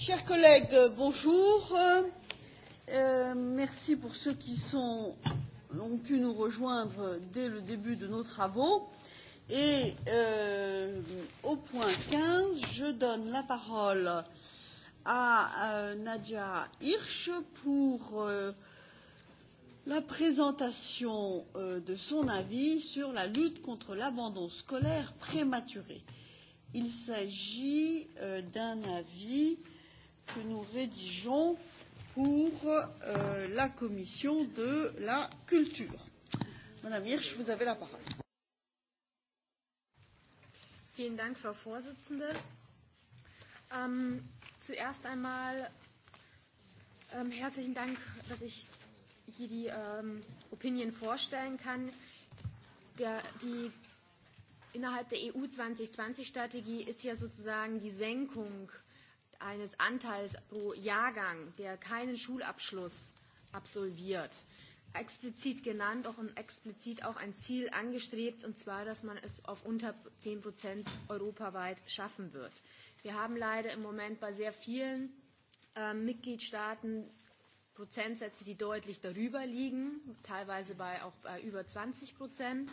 Chers collègues, euh, bonjour. Euh, euh, merci pour ceux qui sont, ont pu nous rejoindre dès le début de nos travaux. Et euh, au point 15, je donne la parole à euh, Nadia Hirsch pour euh, la présentation euh, de son avis sur la lutte contre l'abandon scolaire prématuré. Il s'agit euh, d'un avis euh, que nous rédigeons pour euh, la commission de la culture. Madame Hirsch, vous avez la parole. Vielen Dank, Frau Vorsitzende. Ähm, zuerst einmal ähm, herzlichen Dank, dass ich hier die ähm, Opinion vorstellen kann. Der, die innerhalb der EU 2020-Strategie ist ja sozusagen die Senkung eines Anteils pro Jahrgang, der keinen Schulabschluss absolviert, explizit genannt auch und explizit auch ein Ziel angestrebt, und zwar, dass man es auf unter 10 Prozent europaweit schaffen wird. Wir haben leider im Moment bei sehr vielen äh, Mitgliedstaaten Prozentsätze, die deutlich darüber liegen, teilweise bei, auch bei über 20 Prozent.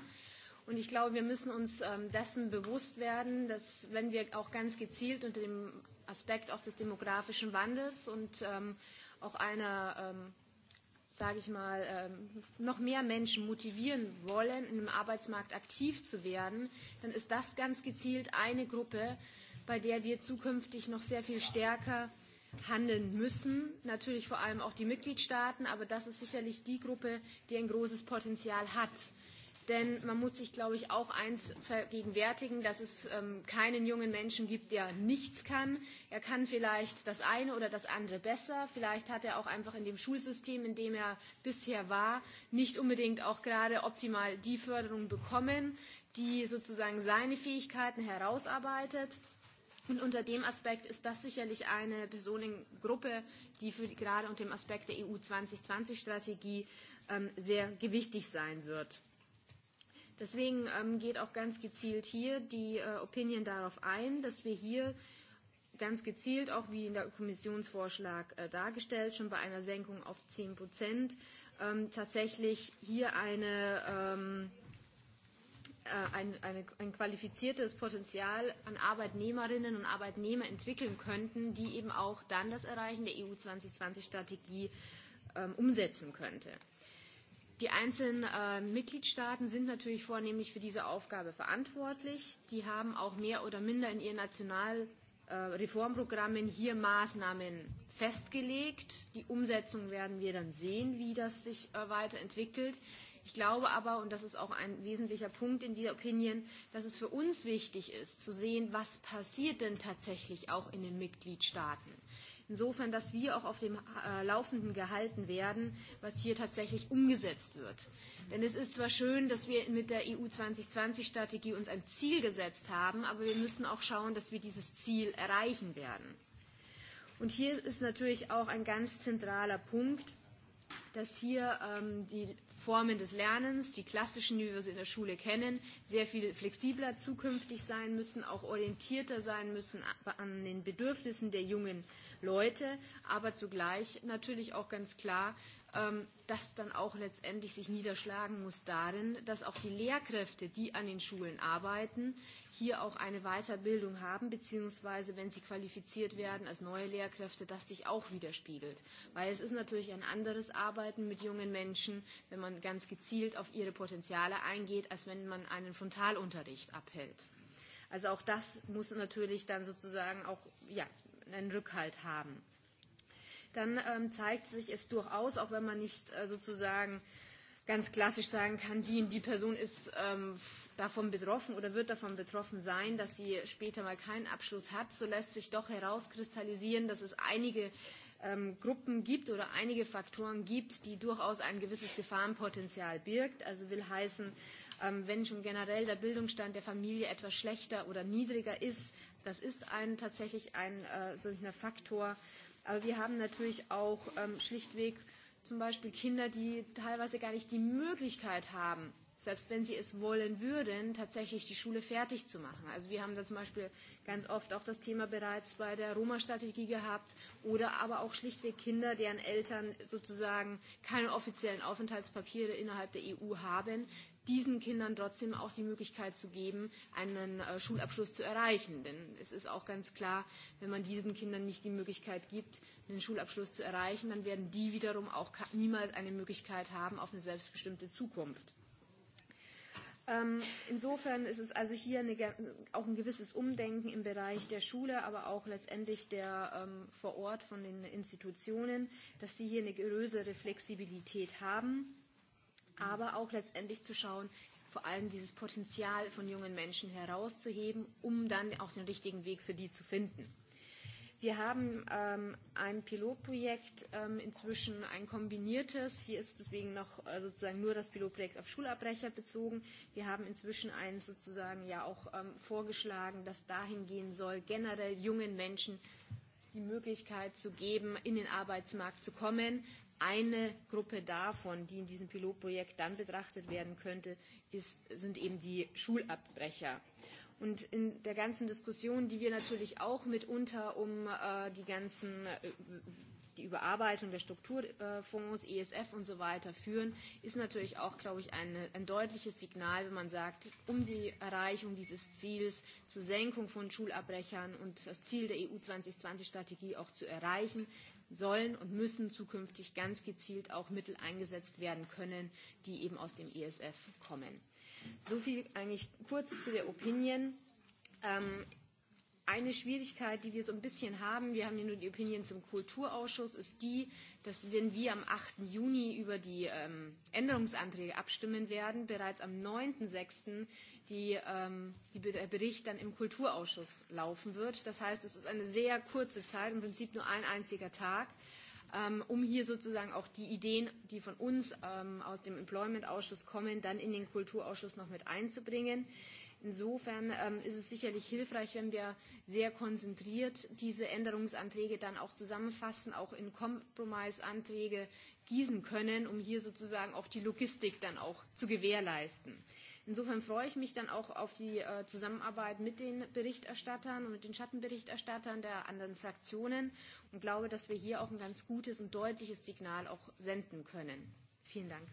Und ich glaube, wir müssen uns ähm, dessen bewusst werden, dass wenn wir auch ganz gezielt unter dem Aspekt auch des demografischen Wandels und ähm, auch einer, ähm, sage ich mal, ähm, noch mehr Menschen motivieren wollen, in dem Arbeitsmarkt aktiv zu werden, dann ist das ganz gezielt eine Gruppe, bei der wir zukünftig noch sehr viel stärker handeln müssen, natürlich vor allem auch die Mitgliedstaaten, aber das ist sicherlich die Gruppe, die ein großes Potenzial hat. Denn man muss sich, glaube ich, auch eins vergegenwärtigen, dass es ähm, keinen jungen Menschen gibt, der nichts kann. Er kann vielleicht das eine oder das andere besser. Vielleicht hat er auch einfach in dem Schulsystem, in dem er bisher war, nicht unbedingt auch gerade optimal die Förderung bekommen, die sozusagen seine Fähigkeiten herausarbeitet. Und unter dem Aspekt ist das sicherlich eine Personengruppe, die für, gerade unter dem Aspekt der EU-2020-Strategie ähm, sehr gewichtig sein wird. Deswegen ähm, geht auch ganz gezielt hier die äh, Opinion darauf ein, dass wir hier ganz gezielt, auch wie in der Kommissionsvorschlag äh, dargestellt, schon bei einer Senkung auf 10 Prozent ähm, tatsächlich hier eine, ähm, äh, ein, eine, ein qualifiziertes Potenzial an Arbeitnehmerinnen und Arbeitnehmer entwickeln könnten, die eben auch dann das Erreichen der EU 2020-Strategie ähm, umsetzen könnte. Die einzelnen äh, Mitgliedstaaten sind natürlich vornehmlich für diese Aufgabe verantwortlich. Die haben auch mehr oder minder in ihren Nationalreformprogrammen äh, hier Maßnahmen festgelegt. Die Umsetzung werden wir dann sehen, wie das sich äh, weiterentwickelt. Ich glaube aber, und das ist auch ein wesentlicher Punkt in dieser Opinion, dass es für uns wichtig ist, zu sehen, was passiert denn tatsächlich auch in den Mitgliedstaaten. Insofern, dass wir auch auf dem äh, Laufenden gehalten werden, was hier tatsächlich umgesetzt wird. Denn es ist zwar schön, dass wir mit der EU 2020-Strategie uns ein Ziel gesetzt haben, aber wir müssen auch schauen, dass wir dieses Ziel erreichen werden. Und hier ist natürlich auch ein ganz zentraler Punkt, dass hier ähm, die Formen des Lernens, die klassischen, wie wir sie in der Schule kennen, sehr viel flexibler zukünftig sein müssen, auch orientierter sein müssen an den Bedürfnissen der jungen Leute, aber zugleich natürlich auch ganz klar ähm, das dann auch letztendlich sich niederschlagen muss darin, dass auch die Lehrkräfte, die an den Schulen arbeiten, hier auch eine Weiterbildung haben, beziehungsweise wenn sie qualifiziert werden als neue Lehrkräfte, das sich auch widerspiegelt. Weil es ist natürlich ein anderes Arbeiten mit jungen Menschen, wenn man ganz gezielt auf ihre Potenziale eingeht, als wenn man einen Frontalunterricht abhält. Also auch das muss natürlich dann sozusagen auch ja, einen Rückhalt haben dann ähm, zeigt sich es durchaus, auch wenn man nicht äh, sozusagen ganz klassisch sagen kann, die die Person ist ähm, davon betroffen oder wird davon betroffen sein, dass sie später mal keinen Abschluss hat, so lässt sich doch herauskristallisieren, dass es einige ähm, Gruppen gibt oder einige Faktoren gibt, die durchaus ein gewisses Gefahrenpotenzial birgt. Also will heißen, ähm, wenn schon generell der Bildungsstand der Familie etwas schlechter oder niedriger ist, das ist ein, tatsächlich ein äh, solcher Faktor, Aber wir haben natürlich auch ähm, schlichtweg zum Beispiel Kinder, die teilweise gar nicht die Möglichkeit haben, selbst wenn sie es wollen würden, tatsächlich die Schule fertig zu machen. Also wir haben da zum Beispiel ganz oft auch das Thema bereits bei der Roma-Strategie gehabt oder aber auch schlichtweg Kinder, deren Eltern sozusagen keine offiziellen Aufenthaltspapiere innerhalb der EU haben, diesen Kindern trotzdem auch die Möglichkeit zu geben, einen äh, Schulabschluss zu erreichen. Denn es ist auch ganz klar, wenn man diesen Kindern nicht die Möglichkeit gibt, einen Schulabschluss zu erreichen, dann werden die wiederum auch niemals eine Möglichkeit haben auf eine selbstbestimmte Zukunft. Ähm, insofern ist es also hier eine, auch ein gewisses Umdenken im Bereich der Schule, aber auch letztendlich der ähm, vor Ort von den Institutionen, dass sie hier eine größere Flexibilität haben aber auch letztendlich zu schauen, vor allem dieses Potenzial von jungen Menschen herauszuheben, um dann auch den richtigen Weg für die zu finden. Wir haben ähm, ein Pilotprojekt ähm, inzwischen, ein kombiniertes. Hier ist deswegen noch äh, sozusagen nur das Pilotprojekt auf Schulabbrecher bezogen. Wir haben inzwischen eins sozusagen ja auch ähm, vorgeschlagen, das dahin gehen soll, generell jungen Menschen die Möglichkeit zu geben, in den Arbeitsmarkt zu kommen, Eine Gruppe davon, die in diesem Pilotprojekt dann betrachtet werden könnte, ist, sind eben die Schulabbrecher. Und in der ganzen Diskussion, die wir natürlich auch mitunter um äh, die ganzen äh, die Überarbeitung der Strukturfonds, äh, ESF und so weiter führen, ist natürlich auch, glaube ich, eine, ein deutliches Signal, wenn man sagt, um die Erreichung dieses Ziels zur Senkung von Schulabbrechern und das Ziel der EU 2020-Strategie auch zu erreichen, sollen und müssen zukünftig ganz gezielt auch Mittel eingesetzt werden können, die eben aus dem ESF kommen. So viel eigentlich kurz zu der Opinion. Ähm, eine Schwierigkeit, die wir so ein bisschen haben, wir haben hier nur die Opinion zum Kulturausschuss, ist die, dass wenn wir am 8. Juni über die ähm, Änderungsanträge abstimmen werden, bereits am 9.6. Die, ähm, die, der Bericht dann im Kulturausschuss laufen wird. Das heißt, es ist eine sehr kurze Zeit, im Prinzip nur ein einziger Tag, ähm, um hier sozusagen auch die Ideen, die von uns ähm, aus dem Employment-Ausschuss kommen, dann in den Kulturausschuss noch mit einzubringen. Insofern ähm, ist es sicherlich hilfreich, wenn wir sehr konzentriert diese Änderungsanträge dann auch zusammenfassen, auch in Kompromissanträge gießen können, um hier sozusagen auch die Logistik dann auch zu gewährleisten. Insofern freue ich mich dann auch auf die äh, Zusammenarbeit mit den Berichterstattern und mit den Schattenberichterstattern der anderen Fraktionen und glaube, dass wir hier auch ein ganz gutes und deutliches Signal auch senden können. Vielen Dank.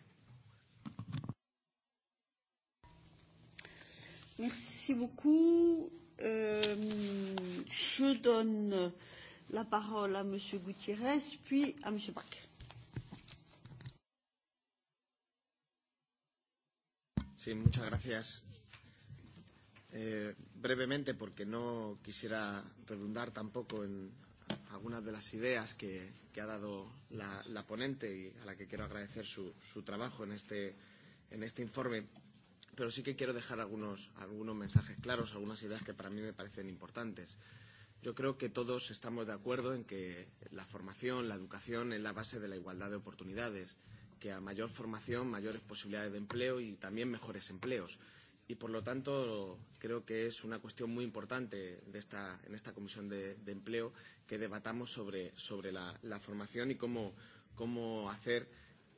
Merci beaucoup. Euh, je donne la parole à Monsieur Gutiérrez, puis à Monsieur Bach. Sí, muchas gracias. Eh, brevemente, porque no quisiera redundar tampoco en algunas de las ideas que, que ha dado la, la ponente y a la que quiero agradecer su, su trabajo en este, en este informe pero sí que quiero dejar algunos, algunos mensajes claros, algunas ideas que para mí me parecen importantes. Yo creo que todos estamos de acuerdo en que la formación, la educación es la base de la igualdad de oportunidades, que a mayor formación, mayores posibilidades de empleo y también mejores empleos. Y por lo tanto, creo que es una cuestión muy importante de esta, en esta comisión de, de empleo que debatamos sobre, sobre la, la formación y cómo, cómo hacer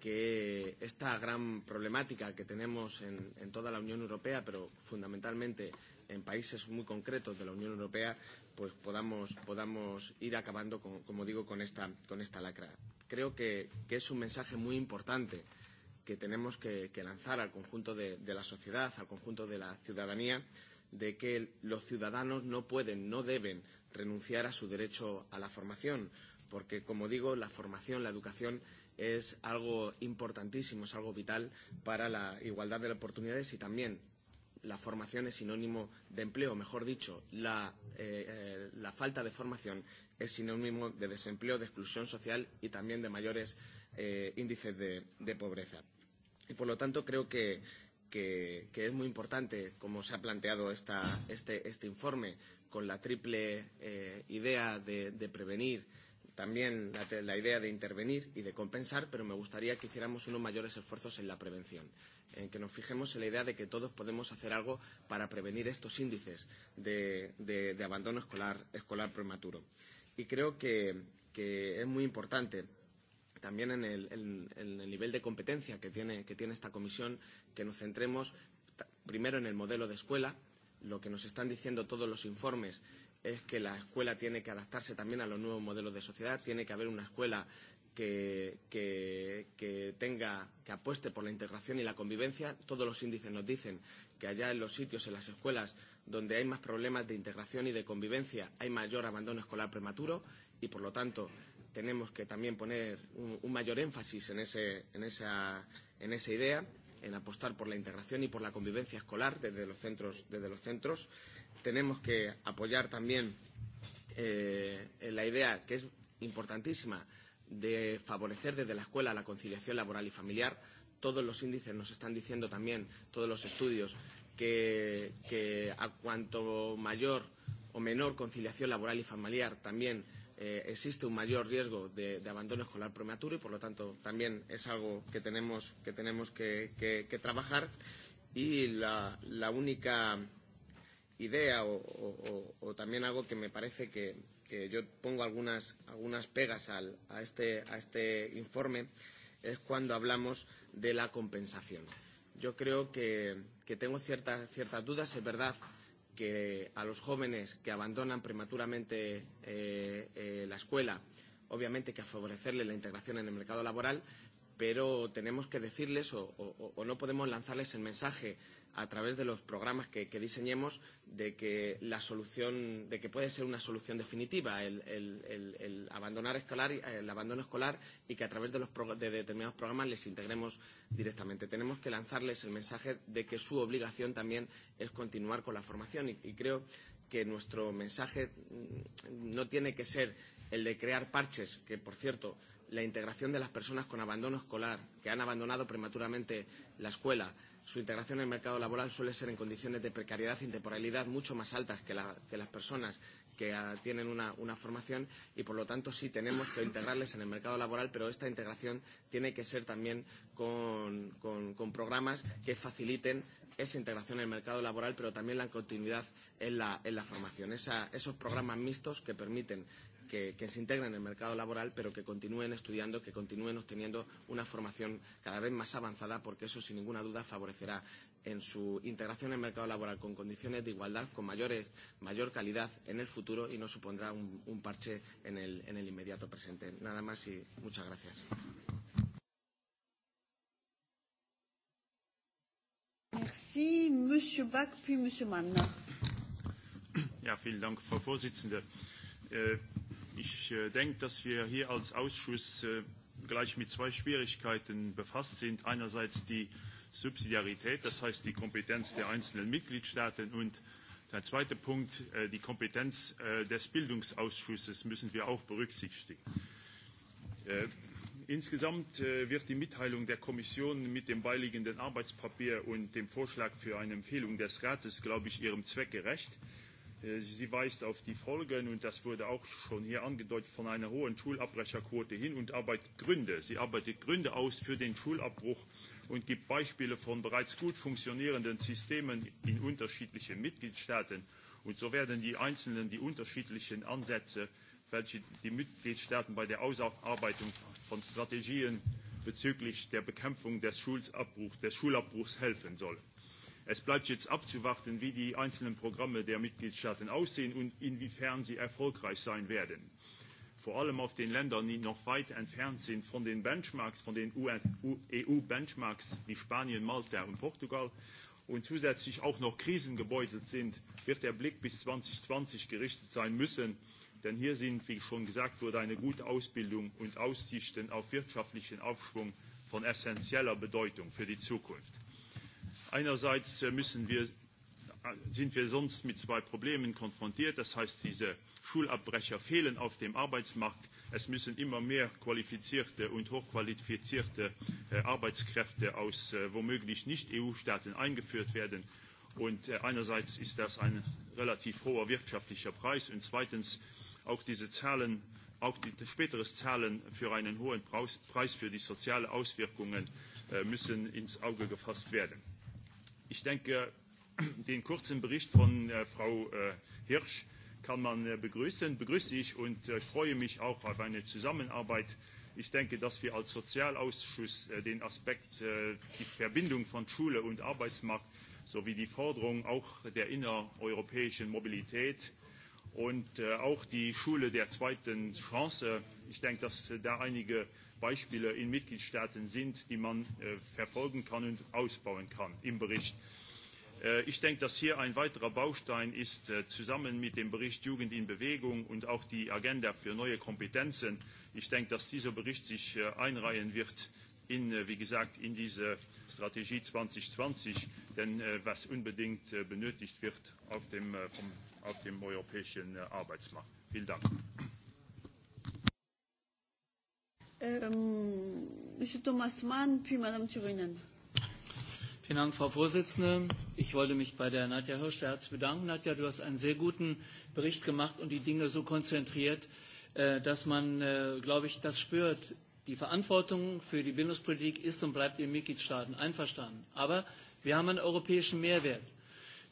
que esta gran problemática que tenemos en, en toda la Unión Europea, pero fundamentalmente en países muy concretos de la Unión Europea, pues podamos, podamos ir acabando, con, como digo, con esta, con esta lacra. Creo que, que es un mensaje muy importante que tenemos que, que lanzar al conjunto de, de la sociedad, al conjunto de la ciudadanía, de que los ciudadanos no pueden, no deben renunciar a su derecho a la formación, porque, como digo, la formación, la educación es algo importantísimo, es algo vital para la igualdad de oportunidades y también la formación es sinónimo de empleo, mejor dicho, la, eh, eh, la falta de formación es sinónimo de desempleo, de exclusión social y también de mayores eh, índices de, de pobreza. Y por lo tanto creo que, que, que es muy importante, como se ha planteado esta, este, este informe, con la triple eh, idea de, de prevenir, también la, la idea de intervenir y de compensar, pero me gustaría que hiciéramos unos mayores esfuerzos en la prevención, en que nos fijemos en la idea de que todos podemos hacer algo para prevenir estos índices de, de, de abandono escolar, escolar prematuro. Y creo que, que es muy importante también en el, en, en el nivel de competencia que tiene, que tiene esta comisión, que nos centremos primero en el modelo de escuela, lo que nos están diciendo todos los informes es que la escuela tiene que adaptarse también a los nuevos modelos de sociedad, tiene que haber una escuela que, que, que tenga, que apueste por la integración y la convivencia. Todos los índices nos dicen que allá en los sitios, en las escuelas, donde hay más problemas de integración y de convivencia, hay mayor abandono escolar prematuro y, por lo tanto, tenemos que también poner un, un mayor énfasis en, ese, en, esa, en esa idea, en apostar por la integración y por la convivencia escolar desde los centros. Desde los centros tenemos que apoyar también eh, la idea, que es importantísima, de favorecer desde la escuela la conciliación laboral y familiar. Todos los índices nos están diciendo también, todos los estudios, que, que a cuanto mayor o menor conciliación laboral y familiar también eh, existe un mayor riesgo de, de abandono escolar prematuro y por lo tanto también es algo que tenemos que, tenemos que, que, que trabajar y la, la única idea o, o, o o también algo que me parece que, que yo pongo algunas, algunas pegas al, a, este, a este informe es cuando hablamos de la compensación. Yo creo que, que tengo ciertas, ciertas dudas. Es verdad que a los jóvenes que abandonan prematuramente eh, eh, la escuela, obviamente que a favorecerle la integración en el mercado laboral, pero tenemos que decirles o, o, o no podemos lanzarles el mensaje a través de los programas que, que diseñemos de que la solución, de que puede ser una solución definitiva el, el, el, el abandonar escolar, el abandono escolar y que a través de, los de determinados programas les integremos directamente. Tenemos que lanzarles el mensaje de que su obligación también es continuar con la formación y, y creo que nuestro mensaje no tiene que ser el de crear parches, que por cierto, la integración de las personas con abandono escolar, que han abandonado prematuramente la escuela, su integración en el mercado laboral suele ser en condiciones de precariedad y temporalidad mucho más altas que, la, que las personas que a, ah, tienen una, una formación y, por lo tanto, sí tenemos que integrarles en el mercado laboral, pero esta integración tiene que ser también con, con, con programas que faciliten esa integración en el mercado laboral, pero también la continuidad en la, en la formación. Esa, esos programas mixtos que permiten que, que se integren en el mercado laboral, pero que continúen estudiando, que continúen obteniendo una formación cada vez más avanzada, porque eso, sin ninguna duda, favorecerá en su integración en el mercado laboral con condiciones de igualdad, con mayores, mayor calidad en el futuro y no supondrá un, un parche en el, en el inmediato presente. Nada más y muchas gracias. Merci, Monsieur Bach, puis Monsieur Mann. Ja, vielen Dank, Frau Vorsitzende. Äh, Ich äh, denke, dass wir hier als Ausschuss äh, gleich mit zwei Schwierigkeiten befasst sind. Einerseits die Subsidiarität, das heißt die Kompetenz der einzelnen Mitgliedstaaten und der zweite Punkt, äh, die Kompetenz äh, des Bildungsausschusses müssen wir auch berücksichtigen. Äh, insgesamt wird die Mitteilung der Kommission mit dem beiliegenden Arbeitspapier und dem Vorschlag für eine Empfehlung des Rates, glaube ich, ihrem Zweck gerecht. Äh, sie weist auf die Folgen, und das wurde auch schon hier angedeutet, von einer hohen Schulabbrecherquote hin und arbeitet Gründe. Sie arbeitet Gründe aus für den Schulabbruch und gibt Beispiele von bereits gut funktionierenden Systemen in unterschiedlichen Mitgliedstaaten. Und so werden die einzelnen, die unterschiedlichen Ansätze, welche die Mitgliedstaaten bei der Ausarbeitung von Strategien bezüglich der Bekämpfung des Schulabbruchs, des Schulabbruchs helfen sollen. Es bleibt jetzt abzuwarten, wie die einzelnen Programme der Mitgliedstaaten aussehen und inwiefern sie erfolgreich sein werden. Vor allem auf den Ländern, die noch weit entfernt sind von den Benchmarks, von den EU-Benchmarks wie Spanien, Malta und Portugal und zusätzlich auch noch krisengebeutelt sind, wird der Blick bis 2020 gerichtet sein müssen. Denn hier sind, wie schon gesagt wurde, eine gute Ausbildung und Aussichten auf wirtschaftlichen Aufschwung von essentieller Bedeutung für die Zukunft. Einerseits äh, müssen wir, äh, sind wir sonst mit zwei Problemen konfrontiert. Das heißt, diese Schulabbrecher fehlen auf dem Arbeitsmarkt. Es müssen immer mehr qualifizierte und hochqualifizierte äh, Arbeitskräfte aus womöglich Nicht-EU-Staaten eingeführt werden. Und einerseits ist das ein relativ hoher wirtschaftlicher Preis. Und zweitens auch diese Zahlen, auch die, späteren Zahlen für einen hohen Preis für die sozialen Auswirkungen müssen ins Auge gefasst werden. Ich denke, den kurzen Bericht von äh, Frau äh, Hirsch kann man äh, begrüßen, begrüße ich und äh, freue mich auch auf eine Zusammenarbeit. Ich denke, dass wir als Sozialausschuss äh, den Aspekt, äh, die Verbindung von Schule und Arbeitsmarkt sowie die Forderung auch der innereuropäischen Mobilität und äh, auch die Schule der zweiten Chance. Ich denke, dass da einige Beispiele in Mitgliedstaaten sind, die man äh, verfolgen kann und ausbauen kann im Bericht. Äh, ich denke, dass hier ein weiterer Baustein ist, zusammen mit dem Bericht Jugend in Bewegung und auch die Agenda für neue Kompetenzen. Ich denke, dass dieser Bericht sich einreihen wird in, äh, wie gesagt, in diese Strategie 2020, denn äh, was unbedingt äh, benötigt wird auf dem, vom, auf dem europäischen Arbeitsmarkt. Vielen Dank. Ähm, Thomas Mann, puis Madame Vielen Dank, Frau Vorsitzende. Ich wollte mich bei der Nadja Hirsch sehr herzlich bedanken. Nadja, du hast einen sehr guten Bericht gemacht und die Dinge so konzentriert, dass man, glaube ich, das spürt, Die Verantwortung für die Bildungspolitik ist und bleibt in Mitgliedstaaten einverstanden. Aber wir haben einen europäischen Mehrwert.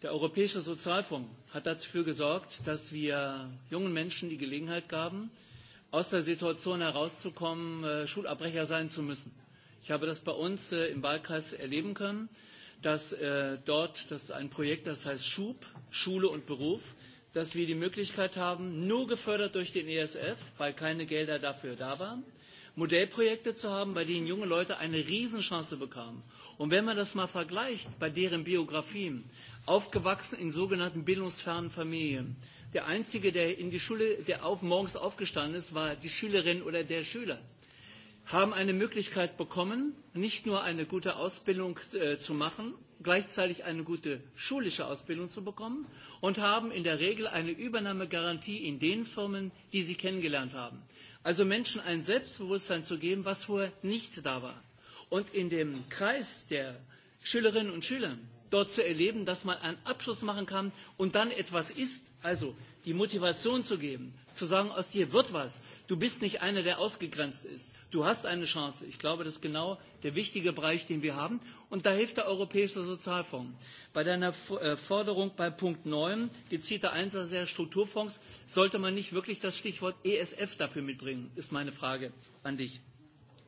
Der Europäische Sozialfonds hat dafür gesorgt, dass wir jungen Menschen die Gelegenheit gaben, aus der Situation herauszukommen, äh, Schulabbrecher sein zu müssen. Ich habe das bei uns äh, im Wahlkreis erleben können, dass äh, dort das ein Projekt, das heißt Schub, Schule und Beruf, dass wir die Möglichkeit haben, nur gefördert durch den ESF, weil keine Gelder dafür da waren, Modellprojekte zu haben, bei denen junge Leute eine Riesenchance bekamen. Und wenn man das mal vergleicht bei deren Biografien, aufgewachsen in sogenannten bildungsfernen Familien, der Einzige, der in die Schule, der auf, morgens aufgestanden ist, war die Schülerin oder der Schüler haben eine Möglichkeit bekommen, nicht nur eine gute Ausbildung äh, zu machen, gleichzeitig eine gute schulische Ausbildung zu bekommen und haben in der Regel eine Übernahmegarantie in den Firmen, die sie kennengelernt haben. Also Menschen ein Selbstbewusstsein zu geben, was vorher nicht da war. Und in dem Kreis der Schülerinnen und Schüler dort zu erleben, dass man einen Abschluss machen kann und dann etwas ist. Also die Motivation zu geben, zu sagen, aus dir wird was. Du bist nicht einer, der ausgegrenzt ist. Du hast eine Chance. Ich glaube, das ist genau der wichtige Bereich, den wir haben. Und da hilft der Europäische Sozialfonds. Bei deiner äh, Forderung bei Punkt 9, gezielter Einsatz der Strukturfonds, sollte man nicht wirklich das Stichwort ESF dafür mitbringen, ist meine Frage an dich.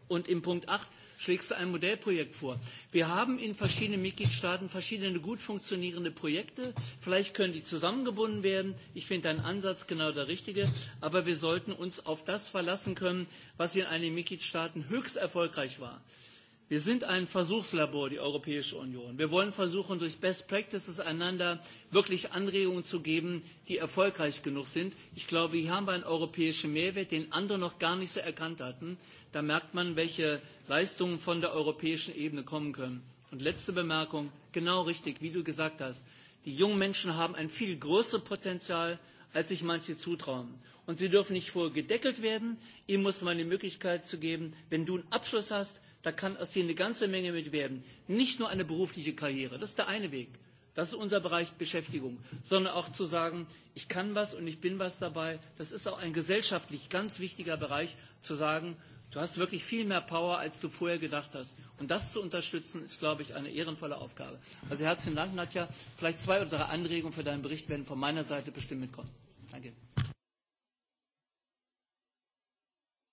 Und in Punkt 8 schlägst du ein Modellprojekt vor. Wir haben in verschiedenen Mitgliedstaaten verschiedene gut funktionierende Projekte. Vielleicht können die zusammengebunden werden. Ich finde deinen Ansatz genau der richtige. Aber wir sollten uns auf das verlassen können, was in einigen Mitgliedstaaten höchst erfolgreich war. Wir sind ein Versuchslabor, die Europäische Union. Wir wollen versuchen, durch Best Practices einander wirklich Anregungen zu geben, die erfolgreich genug sind. Ich glaube, hier haben wir einen europäischen Mehrwert, den andere noch gar nicht so erkannt hatten. Da merkt man, welche Leistungen von der europäischen Ebene kommen können. Und letzte Bemerkung, genau richtig, wie du gesagt hast. Die jungen Menschen haben ein viel größeres Potenzial, als sich manche zutrauen. Und sie dürfen nicht gedeckelt werden. Ihnen muss man die Möglichkeit zu geben, wenn du einen Abschluss hast, da kann aus dir eine ganze Menge mit werden. Nicht nur eine berufliche Karriere, das ist der eine Weg. Das ist unser Bereich Beschäftigung, sondern auch zu sagen, ich kann was und ich bin was dabei. Das ist auch ein gesellschaftlich ganz wichtiger Bereich, zu sagen, Du hast wirklich viel mehr Power, als du vorher gedacht hast. Und das zu unterstützen, ist, glaube ich, eine ehrenvolle Aufgabe. Also herzlichen Dank, Nadja. Vielleicht zwei oder drei Anregungen für deinen Bericht werden von meiner Seite bestimmt mitkommen. Danke.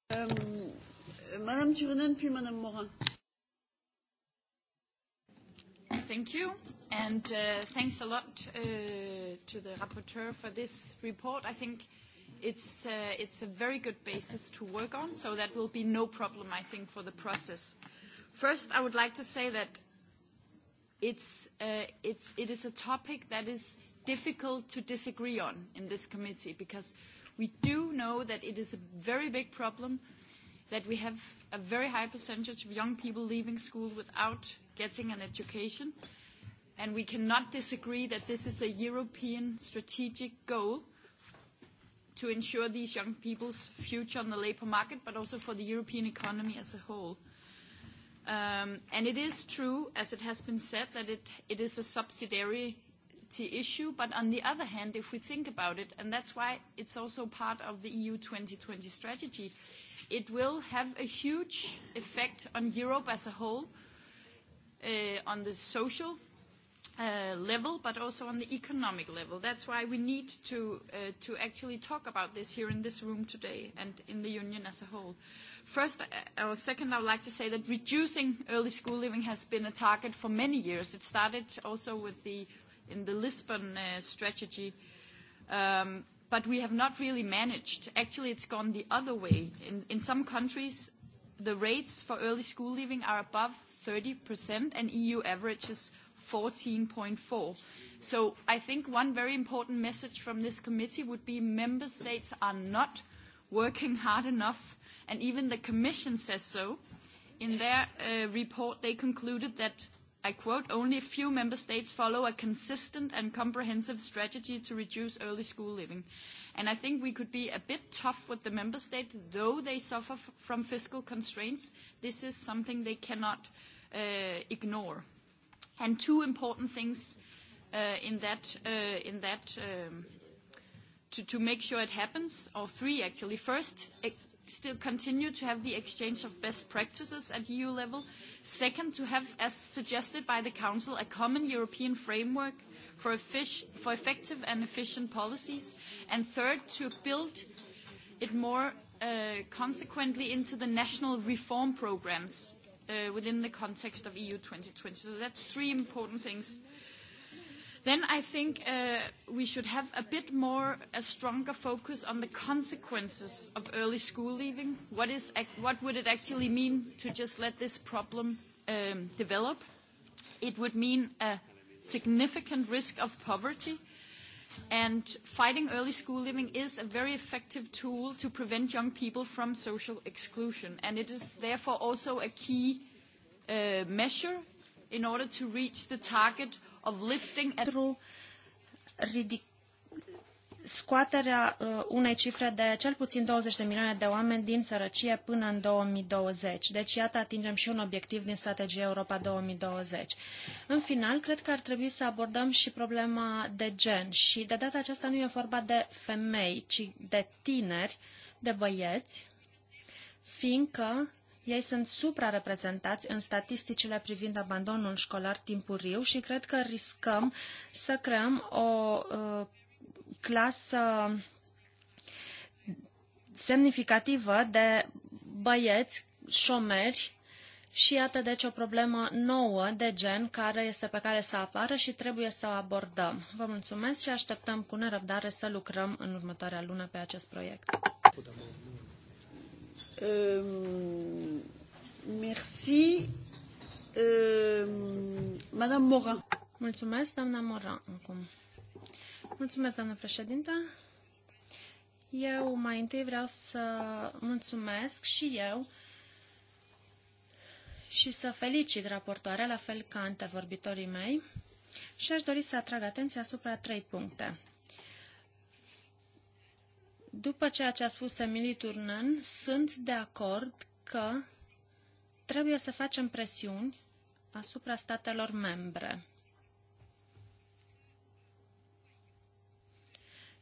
Ähm, Madame Turinen, puis Madame Morin. Thank you. And uh, thanks a lot uh, to the rapporteur for this report. I think it's, uh, it's a very good basis to work on, so that will be no problem, I think, for the process. First, I would like to say that it's, uh, it's, it is a topic that is difficult to disagree on in this committee because we do know that it is a very big problem that we have a very high percentage of young people leaving school without getting an education. And we cannot disagree that this is a European strategic goal to ensure these young people's future on the labour market, but also for the European economy as a whole. Um, and it is true, as it has been said, that it, it is a subsidiary issue, but on the other hand, if we think about it, and that's why it's also part of the EU 2020 strategy, it will have a huge effect on Europe as a whole, uh, on the social Uh, level, but also on the economic level. That's why we need to, uh, to actually talk about this here in this room today and in the union as a whole. First, uh, or second, I would like to say that reducing early school leaving has been a target for many years. It started also with the, in the Lisbon uh, strategy, um, but we have not really managed. Actually, it's gone the other way. In, in some countries, the rates for early school leaving are above 30%, and EU average is 14.4. So I think one very important message from this committee would be member states are not working hard enough, and even the Commission says so. In their uh, report, they concluded that, I quote, only a few member states follow a consistent and comprehensive strategy to reduce early school living. And I think we could be a bit tough with the member states, though they suffer from fiscal constraints. This is something they cannot uh, ignore. And two important things uh, in that, uh, in that um, to, to make sure it happens, or three actually. First, still continue to have the exchange of best practices at EU level. Second, to have, as suggested by the Council, a common European framework for, fish, for effective and efficient policies. And third, to build it more uh, consequently into the national reform programs uh, within the context of EU 2020. So that's three important things. Then I think uh, we should have a bit more, a stronger focus on the consequences of early school leaving. What, is, what would it actually mean to just let this problem um, develop? It would mean a significant risk of poverty And fighting early school leaving is a very effective tool to prevent young people from social exclusion. And it is therefore also a key uh, measure in order to reach the target of lifting scoaterea uh, unei cifre de cel puțin 20 de milioane de oameni din sărăcie până în 2020. Deci, iată, atingem și un obiectiv din strategia Europa 2020. În final, cred că ar trebui să abordăm și problema de gen. Și de data aceasta nu e vorba de femei, ci de tineri, de băieți, fiindcă ei sunt suprareprezentați în statisticile privind abandonul școlar timpuriu și cred că riscăm să creăm o uh, clasă semnificativă de băieți șomeri și iată deci o problemă nouă de gen care este pe care să apară și trebuie să o abordăm. Vă mulțumesc și așteptăm cu nerăbdare să lucrăm în următoarea lună pe acest proiect. Ehm, merci. Ehm, Madame Morin. Mulțumesc, doamna Morin, Mulțumesc, doamnă președintă. Eu mai întâi vreau să mulțumesc și eu și să felicit raportoarea, la fel ca antevorbitorii mei, și aș dori să atrag atenția asupra trei puncte. După ceea ce a spus Emilie Turnan, sunt de acord că trebuie să facem presiuni asupra statelor membre.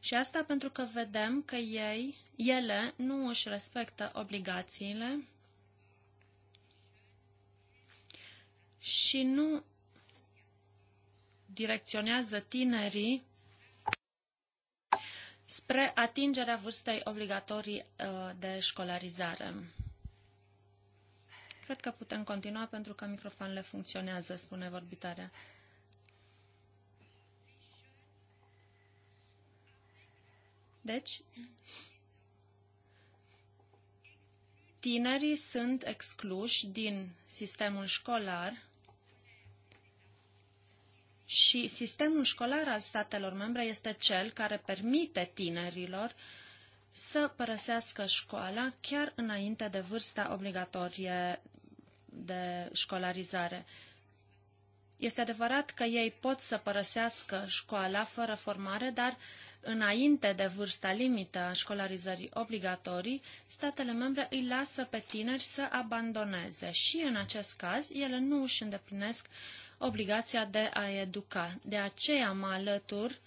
Și asta pentru că vedem că ei, ele nu își respectă obligațiile și nu direcționează tinerii spre atingerea vârstei obligatorii uh, de școlarizare. Cred că putem continua pentru că microfoanele funcționează, spune vorbitarea. Deci, tinerii sunt excluși din sistemul școlar și sistemul școlar al statelor membre este cel care permite tinerilor să părăsească școala chiar înainte de vârsta obligatorie de școlarizare. Este adevărat că ei pot să părăsească școala fără formare, dar uh, înainte de vârsta limită a școlarizării obligatorii, statele membre îi lasă pe tineri să abandoneze și, în acest caz, ele nu își îndeplinesc obligația de a educa. De aceea mă alătur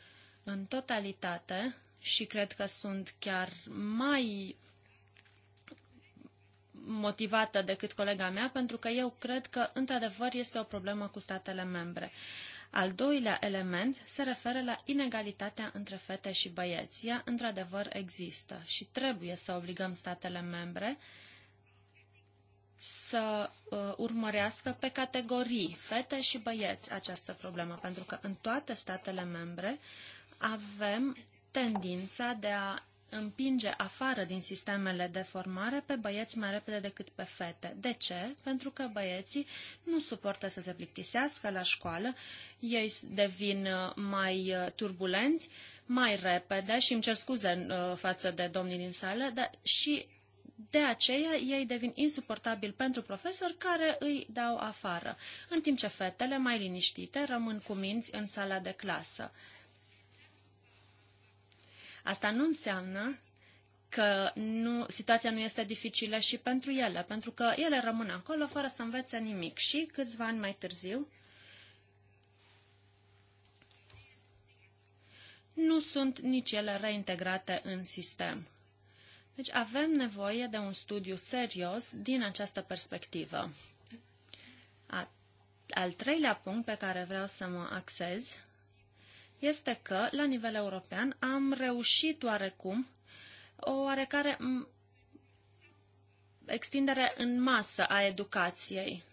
în totalitate și cred că sunt chiar mai motivată decât colega mea, pentru că eu cred că, într-adevăr, este o problemă cu statele membre. Al doilea element se referă la inegalitatea între fete și băieți. Ea, într-adevăr, există și trebuie să obligăm statele membre să uh, urmărească pe categorii, fete și băieți, această problemă, pentru că în toate statele membre avem tendința de a împinge afară din sistemele de formare pe băieți mai repede decât pe fete. De ce? Pentru că băieții nu suportă să se plictisească la școală, ei devin uh, mai uh, turbulenți, mai repede și îmi cer scuze uh, față de domnii din sală, dar și de aceea ei devin insuportabili pentru profesori care îi dau afară, în timp ce fetele, mai liniștite, rămân cu minți în sala de clasă. Asta nu înseamnă că nu, situația nu este dificilă și pentru ele, pentru că ele rămân acolo fără să învețe nimic. Și câțiva ani mai târziu, nu sunt nici ele reintegrate în sistem. Deci avem nevoie de un studiu serios din această perspectivă. A, al treilea punct pe care vreau să mă axez este că, la nivel european, am reușit oarecum o oarecare extindere în masă a educației.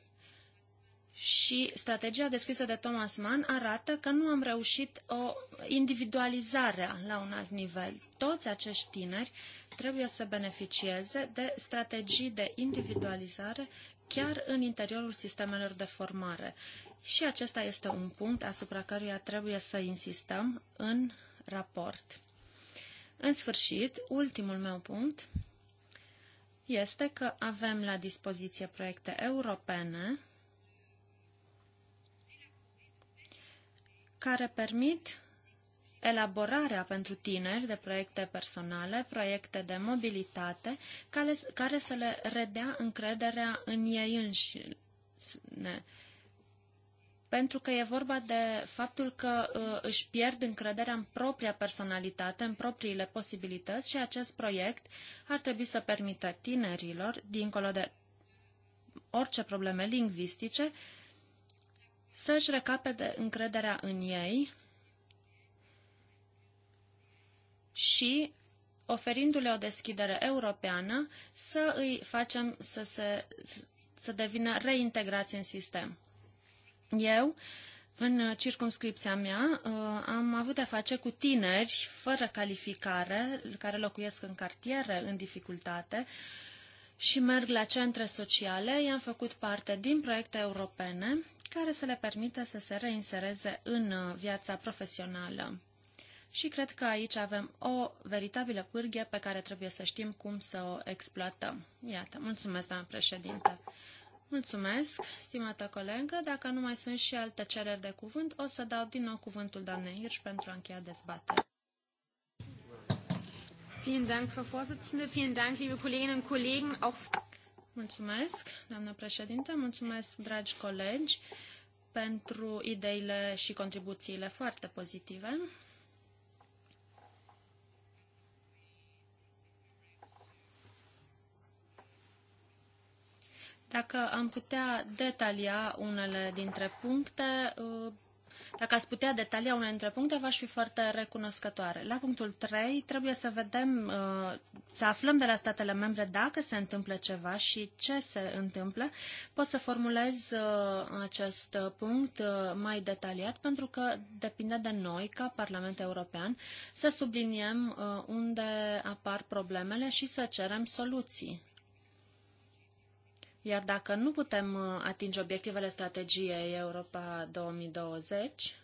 Și strategia descrisă de Thomas Mann arată că nu am reușit o individualizare la un alt nivel. Toți acești tineri trebuie să beneficieze de strategii de individualizare chiar în interiorul sistemelor de formare. Și acesta este un punct asupra căruia trebuie să insistăm în raport. În sfârșit, ultimul meu punct este că avem la dispoziție proiecte europene care permit elaborarea pentru tineri de proiecte personale, proiecte de mobilitate, care, să le redea încrederea în ei înșine pentru că e vorba de faptul că uh, își pierd încrederea în propria personalitate, în propriile posibilități și acest proiect ar trebui să permită tinerilor, dincolo de orice probleme lingvistice, să-și recapete încrederea în ei și, oferindu-le o deschidere europeană, să îi facem să, se, să devină reintegrați în sistem. Eu, în uh, circumscripția mea, uh, am avut de-a face cu tineri fără calificare, care locuiesc în cartiere, în dificultate, și merg la centre sociale, i-am făcut parte din proiecte europene care să le permită să se reinsereze în uh, viața profesională. Și cred că aici avem o veritabilă pârghie pe care trebuie să știm cum să o exploatăm. Iată, mulțumesc, doamnă președinte. Mulțumesc, stimată colegă. Dacă nu mai sunt și alte cereri de cuvânt, o să dau din nou cuvântul doamnei Hirsch pentru a încheia dezbaterea. Vielen Dank, Frau Vorsitzende. Vielen Dank, liebe Kolleginnen und Kollegen. Auch Mulțumesc, doamnă președinte, mulțumesc, dragi colegi, pentru ideile și contribuțiile foarte pozitive. Dacă am putea detalia unele dintre puncte, uh, dacă ați putea detalia unele dintre puncte, v-aș fi foarte recunoscătoare. La punctul 3, trebuie să vedem, uh, să aflăm de la statele membre dacă se întâmplă ceva și ce se întâmplă. Pot să formulez uh, acest punct mai detaliat, pentru că depinde de noi, ca Parlament European, să subliniem unde apar problemele și să cerem soluții. Iar dacă nu putem uh, atinge obiectivele strategiei Europa 2020,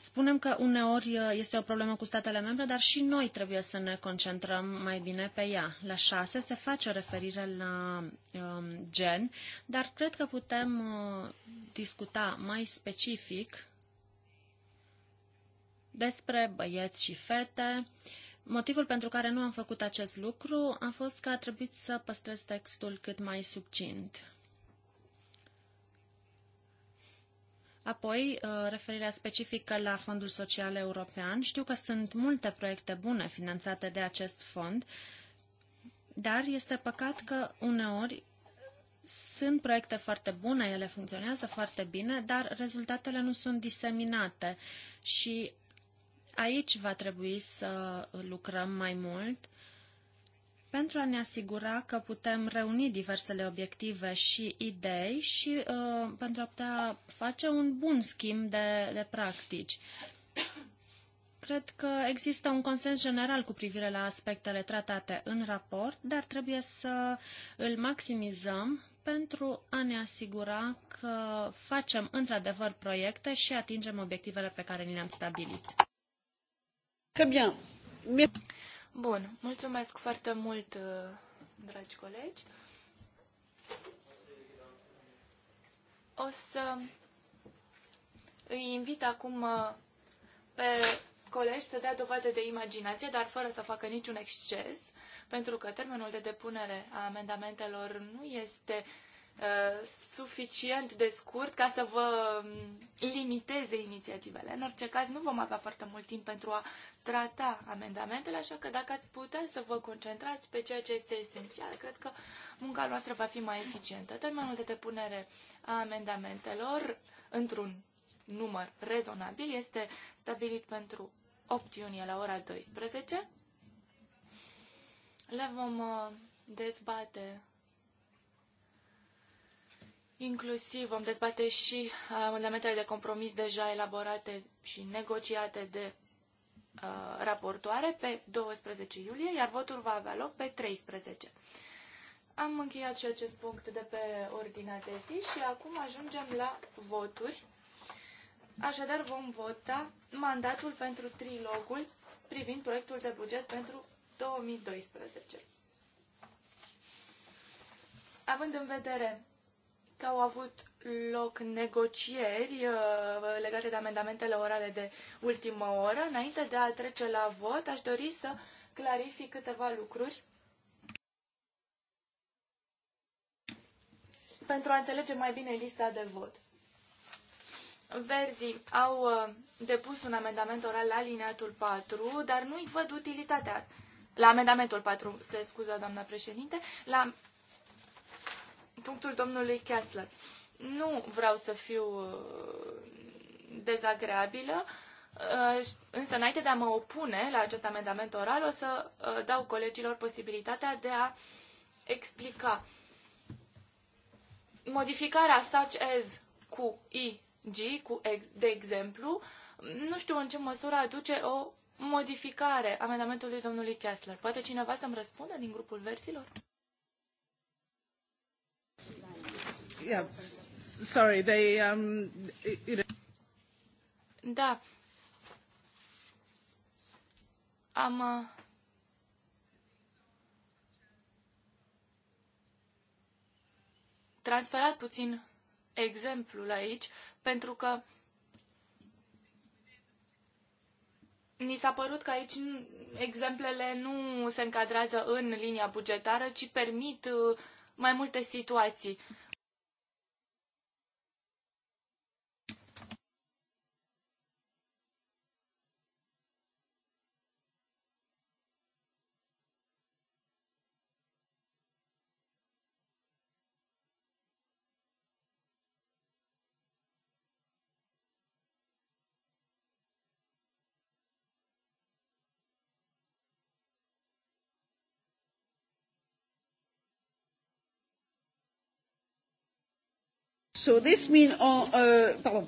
spunem că uneori uh, este o problemă cu statele membre, dar și noi trebuie să ne concentrăm mai bine pe ea. La șase se face o referire la um, gen, dar cred că putem uh, discuta mai specific despre băieți și fete, uh, Motivul pentru care nu am făcut acest lucru a fost că a trebuit să păstrez textul cât mai succint. Apoi, uh, referirea specifică la Fondul Social European. Știu că sunt multe proiecte bune finanțate de acest fond, dar este păcat că uneori sunt proiecte foarte bune, ele funcționează foarte bine, dar rezultatele nu sunt diseminate și Aici va trebui să lucrăm mai mult pentru a ne asigura că putem reuni diversele obiective și idei și uh, pentru a putea face un bun schimb de, de practici. Cred că există un consens general cu privire la aspectele tratate în raport, dar trebuie să îl maximizăm pentru a ne asigura că facem într-adevăr proiecte și atingem obiectivele pe care ni le-am stabilit. Très bien. Bun, mulțumesc foarte mult, uh, dragi colegi. O să îi invit acum uh, pe colegi să dea dovadă de imaginație, dar fără să facă niciun exces, pentru că termenul de depunere a amendamentelor nu este Uh, suficient de scurt ca să vă um, limiteze inițiativele. În orice caz, nu vom avea foarte mult timp pentru a trata amendamentele, așa că dacă ați putea să vă concentrați pe ceea ce este esențial, cred că munca noastră va fi mai eficientă. Termenul de depunere a amendamentelor într-un număr rezonabil este stabilit pentru 8 iunie la ora 12. Le vom uh, dezbate Inclusiv vom dezbate și uh, amendamentele de compromis deja elaborate și negociate de uh, raportoare pe 12 iulie, iar votul va avea loc pe 13. Am încheiat și acest punct de pe ordinea de zi și acum ajungem la voturi. Așadar vom vota mandatul pentru trilogul privind proiectul de buget pentru 2012. Având în vedere că au avut loc negocieri uh, legate de amendamentele orale de ultimă oră. Înainte de a trece la vot, aș dori să clarific câteva lucruri pentru a înțelege mai bine lista de vot. Verzii au uh, depus un amendament oral la alineatul 4, dar nu-i văd utilitatea. La amendamentul 4, se scuză doamna președinte, la punctul domnului Kessler. Nu vreau să fiu uh, dezagreabilă, uh, însă înainte de a mă opune la acest amendament oral, o să uh, dau colegilor posibilitatea de a explica modificarea such as cu IG, cu ex, de exemplu, nu știu în ce măsură aduce o modificare amendamentului domnului Kessler. Poate cineva să-mi răspundă din grupul versilor? Yeah, sorry, they, um, you know... Da. Am... Uh... transferat puțin exemplul aici, pentru că ni s-a părut că aici exemplele nu se încadrează în linia bugetară, ci permit uh, mai multe situații Uh, uh,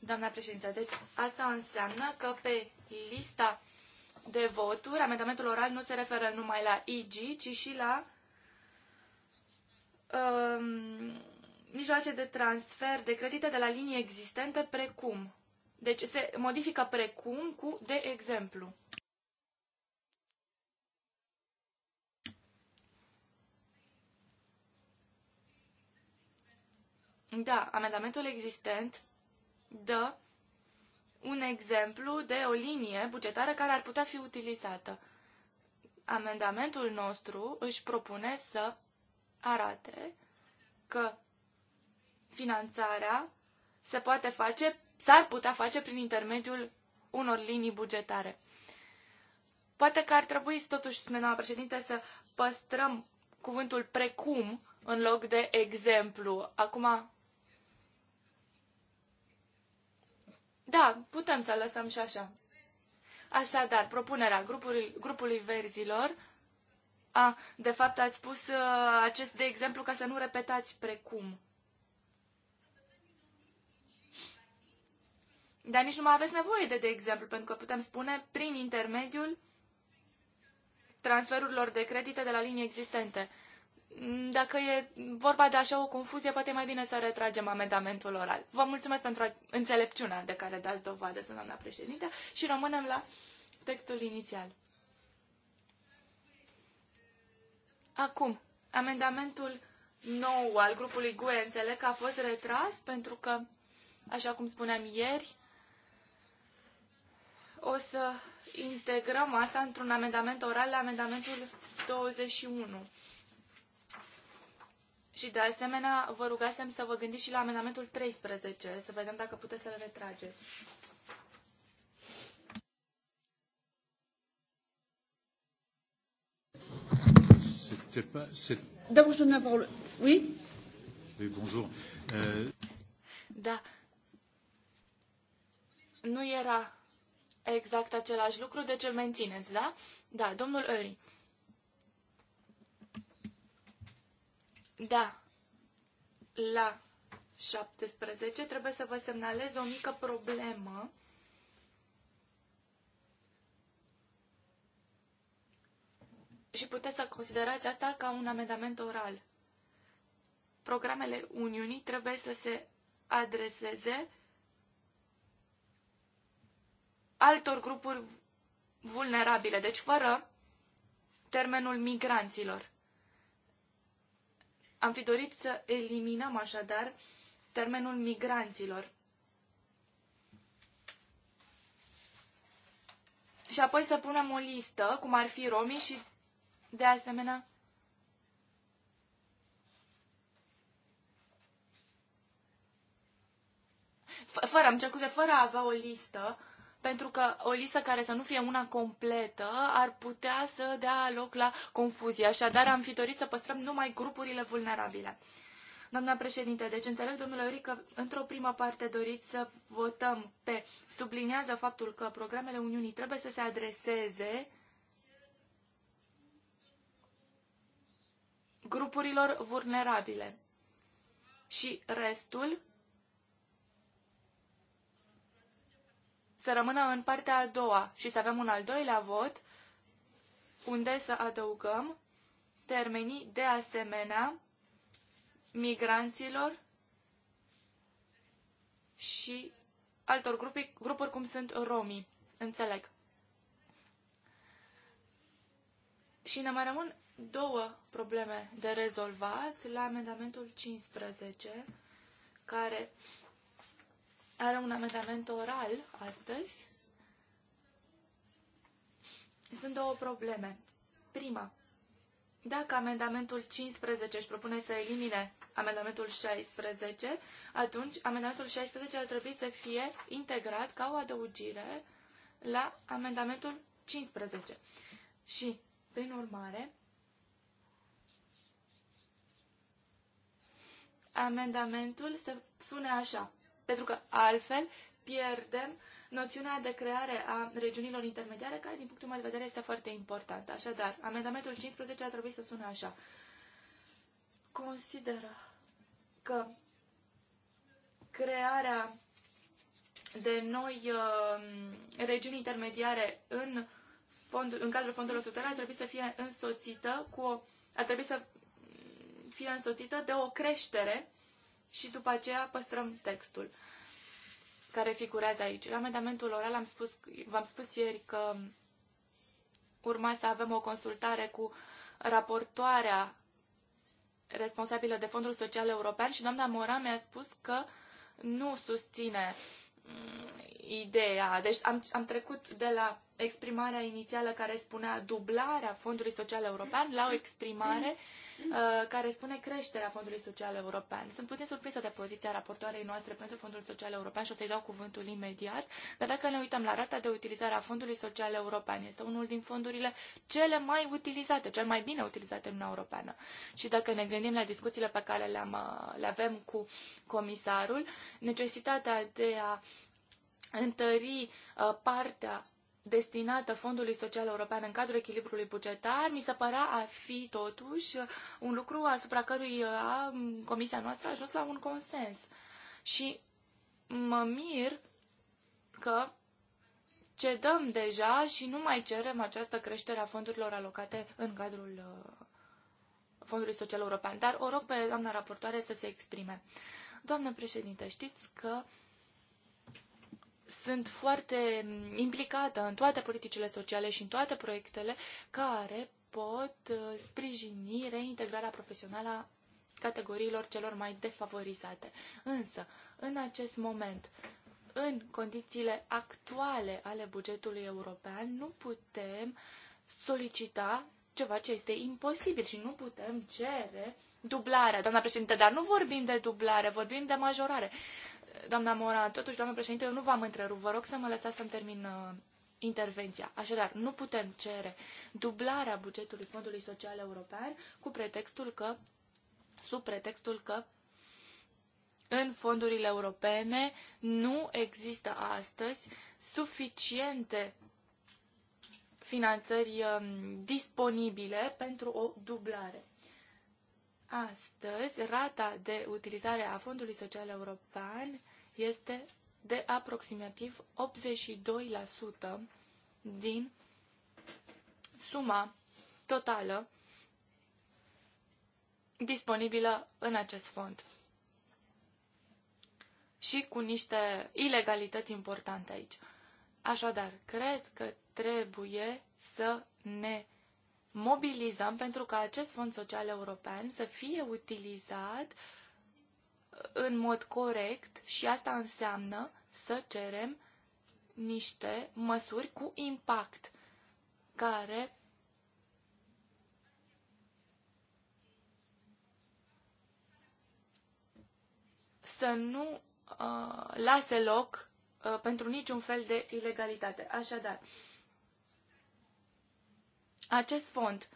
Doamna președinte, deci asta înseamnă că pe lista de voturi, amendamentul oral nu se referă numai la IG, ci și la um, mijloace de transfer de credite de la linii existente precum. Deci se modifică precum cu de exemplu. Da, amendamentul existent dă un exemplu de o linie bugetară care ar putea fi utilizată. Amendamentul nostru își propune să arate că finanțarea se poate face, s-ar putea face prin intermediul unor linii bugetare. Poate că ar trebui totuși, doamna președinte, să păstrăm cuvântul precum în loc de exemplu. Acum Da, putem să lăsăm și așa. Așadar, propunerea grupului, grupului verzilor. A, de fapt ați spus uh, acest de exemplu ca să nu repetați precum. Dar nici nu mai aveți nevoie de de exemplu, pentru că putem spune prin intermediul transferurilor de credite de la linii existente. Dacă e vorba de așa o confuzie, poate mai bine să retragem amendamentul oral. Vă mulțumesc pentru înțelepciunea de care dați dovadă, doamna președinte, și rămânem la textul inițial. Acum, amendamentul nou al grupului GUE, înțeleg că a fost retras pentru că, așa cum spuneam ieri, o să integrăm asta într-un amendament oral la amendamentul 21. Și de asemenea, vă rugasem să vă gândiți și la amendamentul 13, să vedem dacă puteți să-l retrageți. D'abord, je donne la parole. Oui Oui, bonjour. Euh... Da. Nu era exact același lucru, deci îl mențineți, da? Da, domnul Öri. Da, la 17 trebuie să vă semnalez o mică problemă. Și puteți să considerați asta ca un amendament oral. Programele Uniunii trebuie să se adreseze altor grupuri vulnerabile, deci fără termenul migranților. Am fi dorit să eliminăm așadar termenul migranților. Și apoi să punem o listă, cum ar fi romii și de asemenea fără, am cercut de fără a avea o listă pentru că o listă care să nu fie una completă ar putea să dea loc la confuzie. Așadar, am fi dorit să păstrăm numai grupurile vulnerabile. Doamna președinte, deci înțeleg, domnule Iuri, că într-o primă parte doriți să votăm pe... Sublinează faptul că programele Uniunii trebuie să se adreseze grupurilor vulnerabile. Și restul să rămână în partea a doua și să avem un al doilea vot unde să adăugăm termenii de asemenea migranților și altor grupi, grupuri cum sunt romii. Înțeleg. Și ne mai rămân două probleme de rezolvat la amendamentul 15, care are un amendament oral astăzi. Sunt două probleme. Prima, dacă amendamentul 15 își propune să elimine amendamentul 16, atunci amendamentul 16 ar trebui să fie integrat ca o adăugire la amendamentul 15. Și, prin urmare, amendamentul se sune așa pentru că altfel pierdem noțiunea de creare a regiunilor intermediare, care din punctul meu de vedere este foarte importantă. Așadar, amendamentul 15 ar trebui să sună așa. Consideră că crearea de noi uh, regiuni intermediare în, fond, în cadrul fondurilor structurale ar trebui să fie însoțită cu o, ar trebui să fie însoțită de o creștere și după aceea păstrăm textul care figurează aici. La amendamentul oral am spus, v-am spus ieri că urma să avem o consultare cu raportoarea responsabilă de Fondul Social European și doamna Mora mi-a spus că nu susține mm, ideea. Deci am, am trecut de la exprimarea inițială care spunea dublarea Fondului Social European la o exprimare uh, care spune creșterea Fondului Social European. Sunt puțin surprinsă de poziția raportoarei noastre pentru Fondul Social European și o să-i dau cuvântul imediat, dar dacă ne uităm la rata de utilizare a Fondului Social European, este unul din fondurile cele mai utilizate, cel mai bine utilizate în Uniunea Europeană. Și dacă ne gândim la discuțiile pe care le, am, uh, le avem cu comisarul, necesitatea de a întări uh, partea destinată Fondului Social European în cadrul echilibrului bugetar, mi se părea a fi totuși un lucru asupra căruia uh, comisia noastră a ajuns la un consens. Și mă mir că cedăm deja și nu mai cerem această creștere a fondurilor alocate în cadrul uh, Fondului Social European. Dar o rog pe doamna raportoare să se exprime. Doamnă președinte, știți că sunt foarte implicată în toate politicile sociale și în toate proiectele care pot uh, sprijini reintegrarea profesională a categoriilor celor mai defavorizate. Însă, în acest moment, în condițiile actuale ale bugetului european, nu putem solicita ceva ce este imposibil și nu putem cere dublarea. Doamna președinte, dar nu vorbim de dublare, vorbim de majorare doamna Mora, totuși, doamna președinte, eu nu v-am întrerupt. Vă rog să mă lăsați să-mi termin uh, intervenția. Așadar, nu putem cere dublarea bugetului Fondului Social European cu pretextul că, sub pretextul că în fondurile europene nu există astăzi suficiente finanțări um, disponibile pentru o dublare. Astăzi, rata de utilizare a Fondului Social European este de aproximativ 82% din suma totală disponibilă în acest fond și cu niște ilegalități importante aici. Așadar, cred că trebuie să ne mobilizăm pentru ca acest fond social european să fie utilizat uh, în mod corect și asta înseamnă să cerem niște măsuri cu impact care să nu uh, lase loc uh, pentru niciun fel de ilegalitate. Așadar, uh, acest fond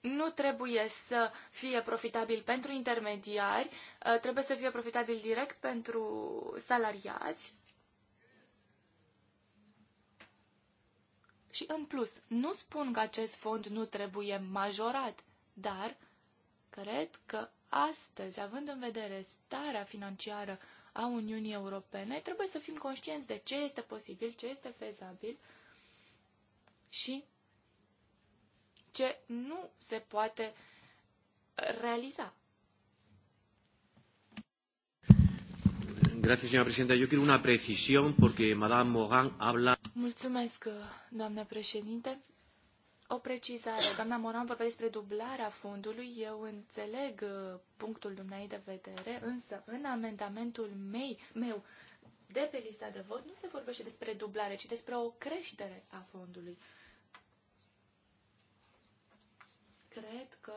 nu trebuie să fie profitabil pentru intermediari, uh, trebuie să fie profitabil direct pentru salariați. Și în plus, nu spun că acest fond nu trebuie majorat, dar cred că astăzi, având în vedere starea financiară a Uniunii Europene, trebuie să fim conștienți de ce este posibil, ce este fezabil și ce nu se poate uh, realiza. Gracias, señora presidenta. Yo quiero una precisión porque Madame Moran habla... Mulțumesc, uh, doamna președinte. O precizare. Doamna Moran vorbea despre dublarea fondului. Eu înțeleg uh, punctul dumneai de vedere, însă în amendamentul mei, meu de pe lista de vot nu se vorbește despre dublare, ci despre o creștere a fondului. Cred că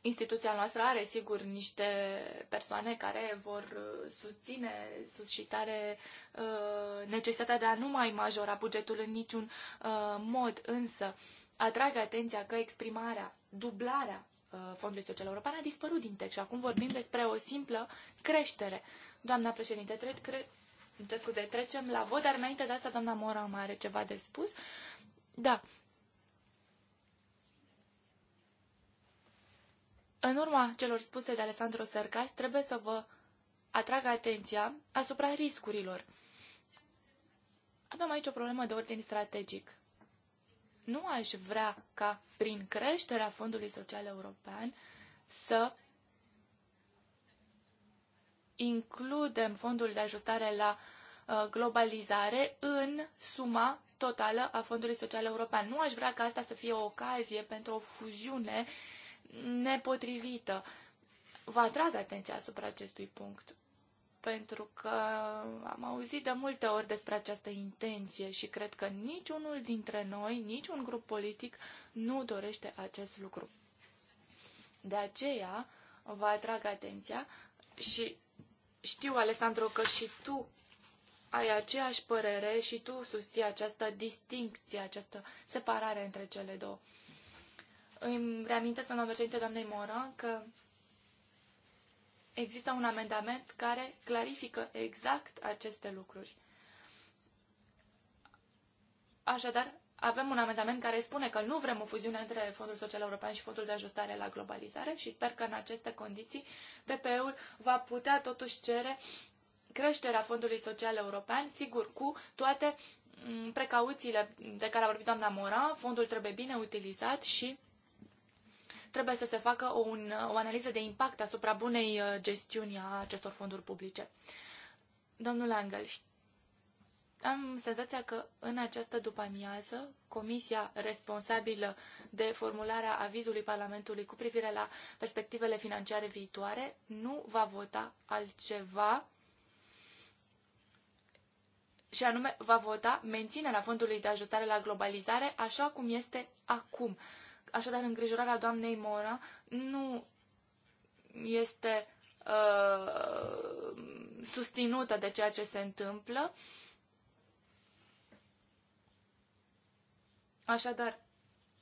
instituția noastră are, sigur, niște persoane care vor uh, susține suscitare uh, necesitatea de a nu mai majora bugetul în niciun uh, mod, însă atrage atenția că exprimarea, dublarea Fondului Social European a dispărut din text și acum vorbim despre o simplă creștere. Doamna președinte, cred, cred, îmi scuze, trecem la vot, dar înainte de asta doamna Mora mai are ceva de spus. Da. În urma celor spuse de Alessandro Sărcas, trebuie să vă atrag atenția asupra riscurilor. Avem aici o problemă de ordin strategic. Nu aș vrea ca, prin creșterea Fondului Social European, să includem fondul de ajustare la uh, globalizare în suma totală a Fondului Social European. Nu aș vrea ca asta să fie o ocazie pentru o fuziune nepotrivită. Vă atrag atenția asupra acestui punct, pentru că am auzit de multe ori despre această intenție și cred că niciunul dintre noi, niciun grup politic nu dorește acest lucru. De aceea vă atrag atenția și știu, Alessandro, că și tu ai aceeași părere și tu susții această distincție, această separare între cele două. Îmi reamintesc, doamna președinte, doamnei Moran, că există un amendament care clarifică exact aceste lucruri. Așadar, avem un amendament care spune că nu vrem o fuziune între Fondul Social European și Fondul de Ajustare la Globalizare și sper că în aceste condiții PPE-ul va putea totuși cere creșterea Fondului Social European, sigur, cu toate mm, precauțiile de care a vorbit doamna Mora, fondul trebuie bine utilizat și trebuie să se facă o, un, o analiză de impact asupra bunei uh, gestiuni a acestor fonduri publice. Domnul Angel, știu am senzația că în această după-amiază, comisia responsabilă de formularea avizului Parlamentului cu privire la perspectivele financiare viitoare nu va vota altceva și anume va vota menținerea fondului de ajustare la globalizare așa cum este acum. Așadar, îngrijorarea doamnei Mora nu este uh, susținută de ceea ce se întâmplă. Uh, Așadar,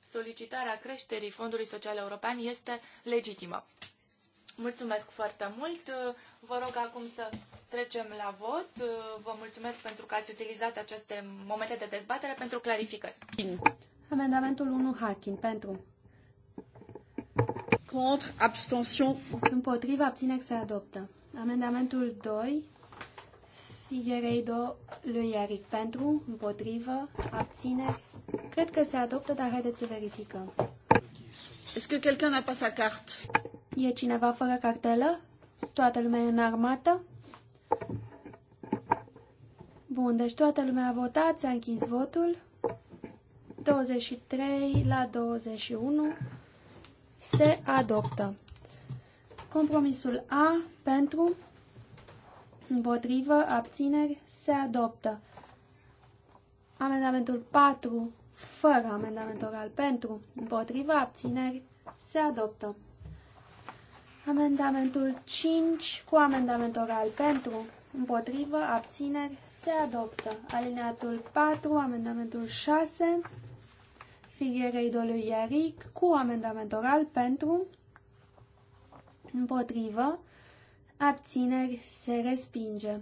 solicitarea creșterii Fondului Social European este legitimă. Mulțumesc foarte mult. Vă rog acum să trecem la vot. Vă mulțumesc pentru că ați utilizat aceste momente de dezbatere pentru clarificări. Amendamentul 1 Hacking pentru. Contre, abstention. Împotriva, abțineri se adoptă. Amendamentul 2 Figueiredo lui Eric pentru, împotrivă, abține Cred că se adoptă, dar haideți să verificăm. Est-ce que quelqu'un n'a pas sa carte? E cineva fără cartelă? Toată lumea e în armată? Bun, deci toată lumea a votat, s-a închis votul. 23 la 21 se adoptă. Compromisul A pentru, împotrivă, abțineri, se adoptă. Amendamentul 4, fără amendament oral pentru, împotriva abțineri, se adoptă. Amendamentul 5 cu amendament oral pentru, împotrivă, abțineri, se adoptă. Alineatul 4, amendamentul 6, figurei idolului Iaric cu amendament oral pentru, împotrivă, abțineri, se respinge.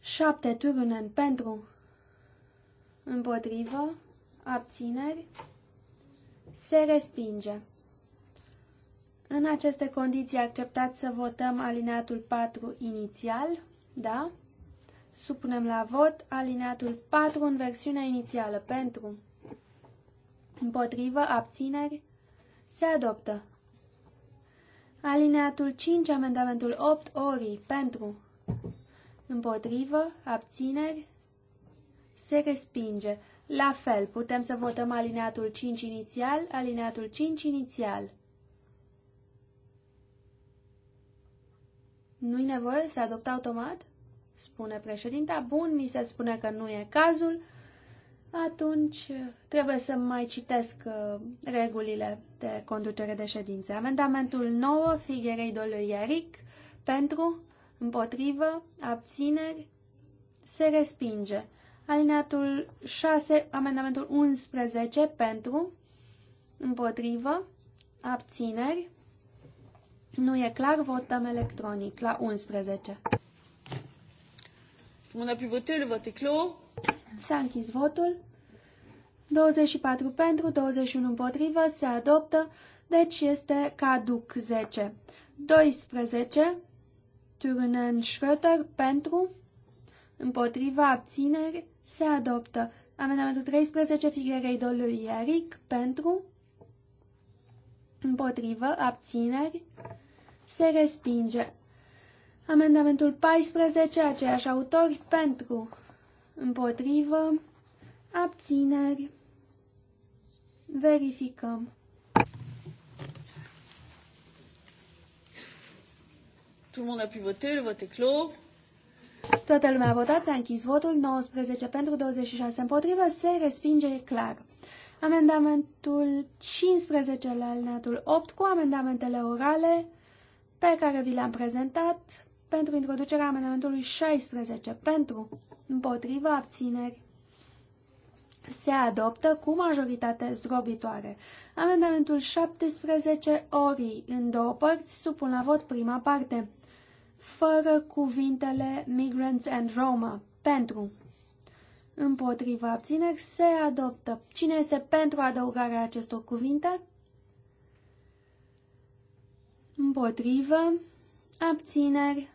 7 turunen pentru, împotrivă, abțineri, se respinge. În aceste condiții acceptați să votăm alineatul 4 inițial, da? Supunem la vot alineatul 4 în versiunea inițială pentru împotrivă, abțineri, se adoptă. Alineatul 5, amendamentul 8, ori pentru împotrivă, abțineri, se respinge. La fel, putem să votăm alineatul 5 inițial, alineatul 5 inițial. Nu-i nevoie să adopte automat? Spune președinta. Bun, mi se spune că nu e cazul. Atunci trebuie să mai citesc uh, regulile de conducere de ședințe. Amendamentul 9, Figherei dolui Iaric, pentru, împotrivă, abțineri, se respinge. Alineatul 6, amendamentul 11 pentru, împotrivă, abțineri. Nu e clar, votăm electronic la 11. On a pu voter, le vote est clos. S'a a închis votul. 24 pentru, 21 împotrivă, se adoptă, deci este caduc 10. 12, Turunen Schröter pentru, împotriva abțineri, se adoptă. Amendamentul 13, figurei lui Iaric, pentru, împotrivă, abțineri, se respinge. Amendamentul 14, aceiași autori, pentru, împotrivă, abțineri, verificăm. Tout le monde a pu voter, le vote est clos. Toată lumea a votat, s-a închis votul, 19 pentru, 26 împotrivă, se respinge clar. Amendamentul 15 la alineatul 8 cu amendamentele orale pe care vi le-am prezentat pentru introducerea amendamentului 16 pentru împotrivă abțineri se adoptă cu majoritate zdrobitoare. Amendamentul 17 ori în două părți supun la vot prima parte fără cuvintele Migrants and Roma, pentru. Împotriva abțineri se adoptă. Cine este pentru adăugarea acestor cuvinte? Împotrivă, abțineri,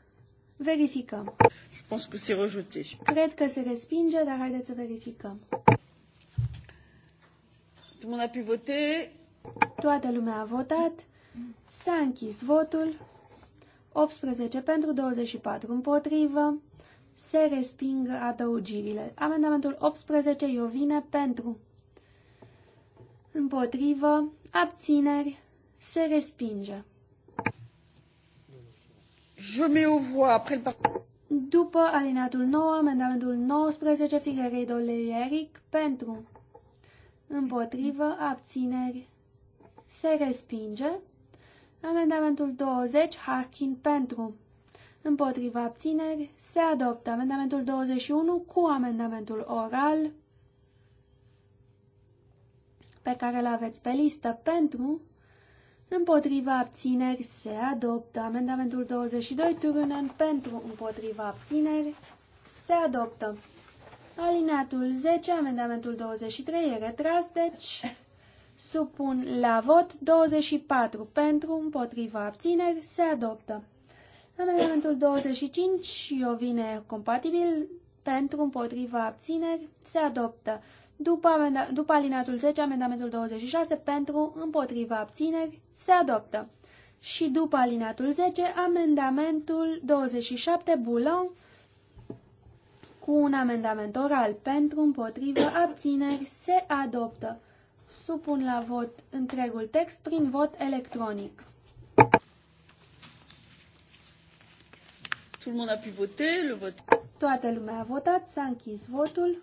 verificăm. Je pense que rejeté. Cred că se respinge, dar haideți să verificăm. Tout le monde a pu voter. Toată lumea a votat. S-a închis votul. 18 pentru 24 împotrivă. Se resping adăugirile. Amendamentul 18 Iovine pentru. Împotrivă. Abțineri. Se respinge. Je mets après le După alineatul 9, amendamentul 19 Figueiredo Leieric pentru. Împotrivă. Abțineri. Se respinge. Amendamentul 20, Harkin pentru. Împotriva abțineri, se adoptă amendamentul 21 cu amendamentul oral pe care îl aveți pe listă pentru. Împotriva abțineri, se adoptă amendamentul 22, Turunen pentru. Împotriva abțineri, se adoptă. Alineatul 10, amendamentul 23 e retras, deci Supun la vot 24 pentru, împotriva abțineri, se adoptă. Amendamentul 25 vine compatibil pentru, împotriva abțineri, se adoptă. După, după alineatul 10, amendamentul 26 pentru, împotriva abțineri, se adoptă. Și după alineatul 10, amendamentul 27 bulon, cu un amendament oral pentru, împotriva abțineri, se adoptă supun la vot întregul text prin vot electronic. Tout le monde a pu voter, le vote. Toată lumea a votat, s-a închis votul.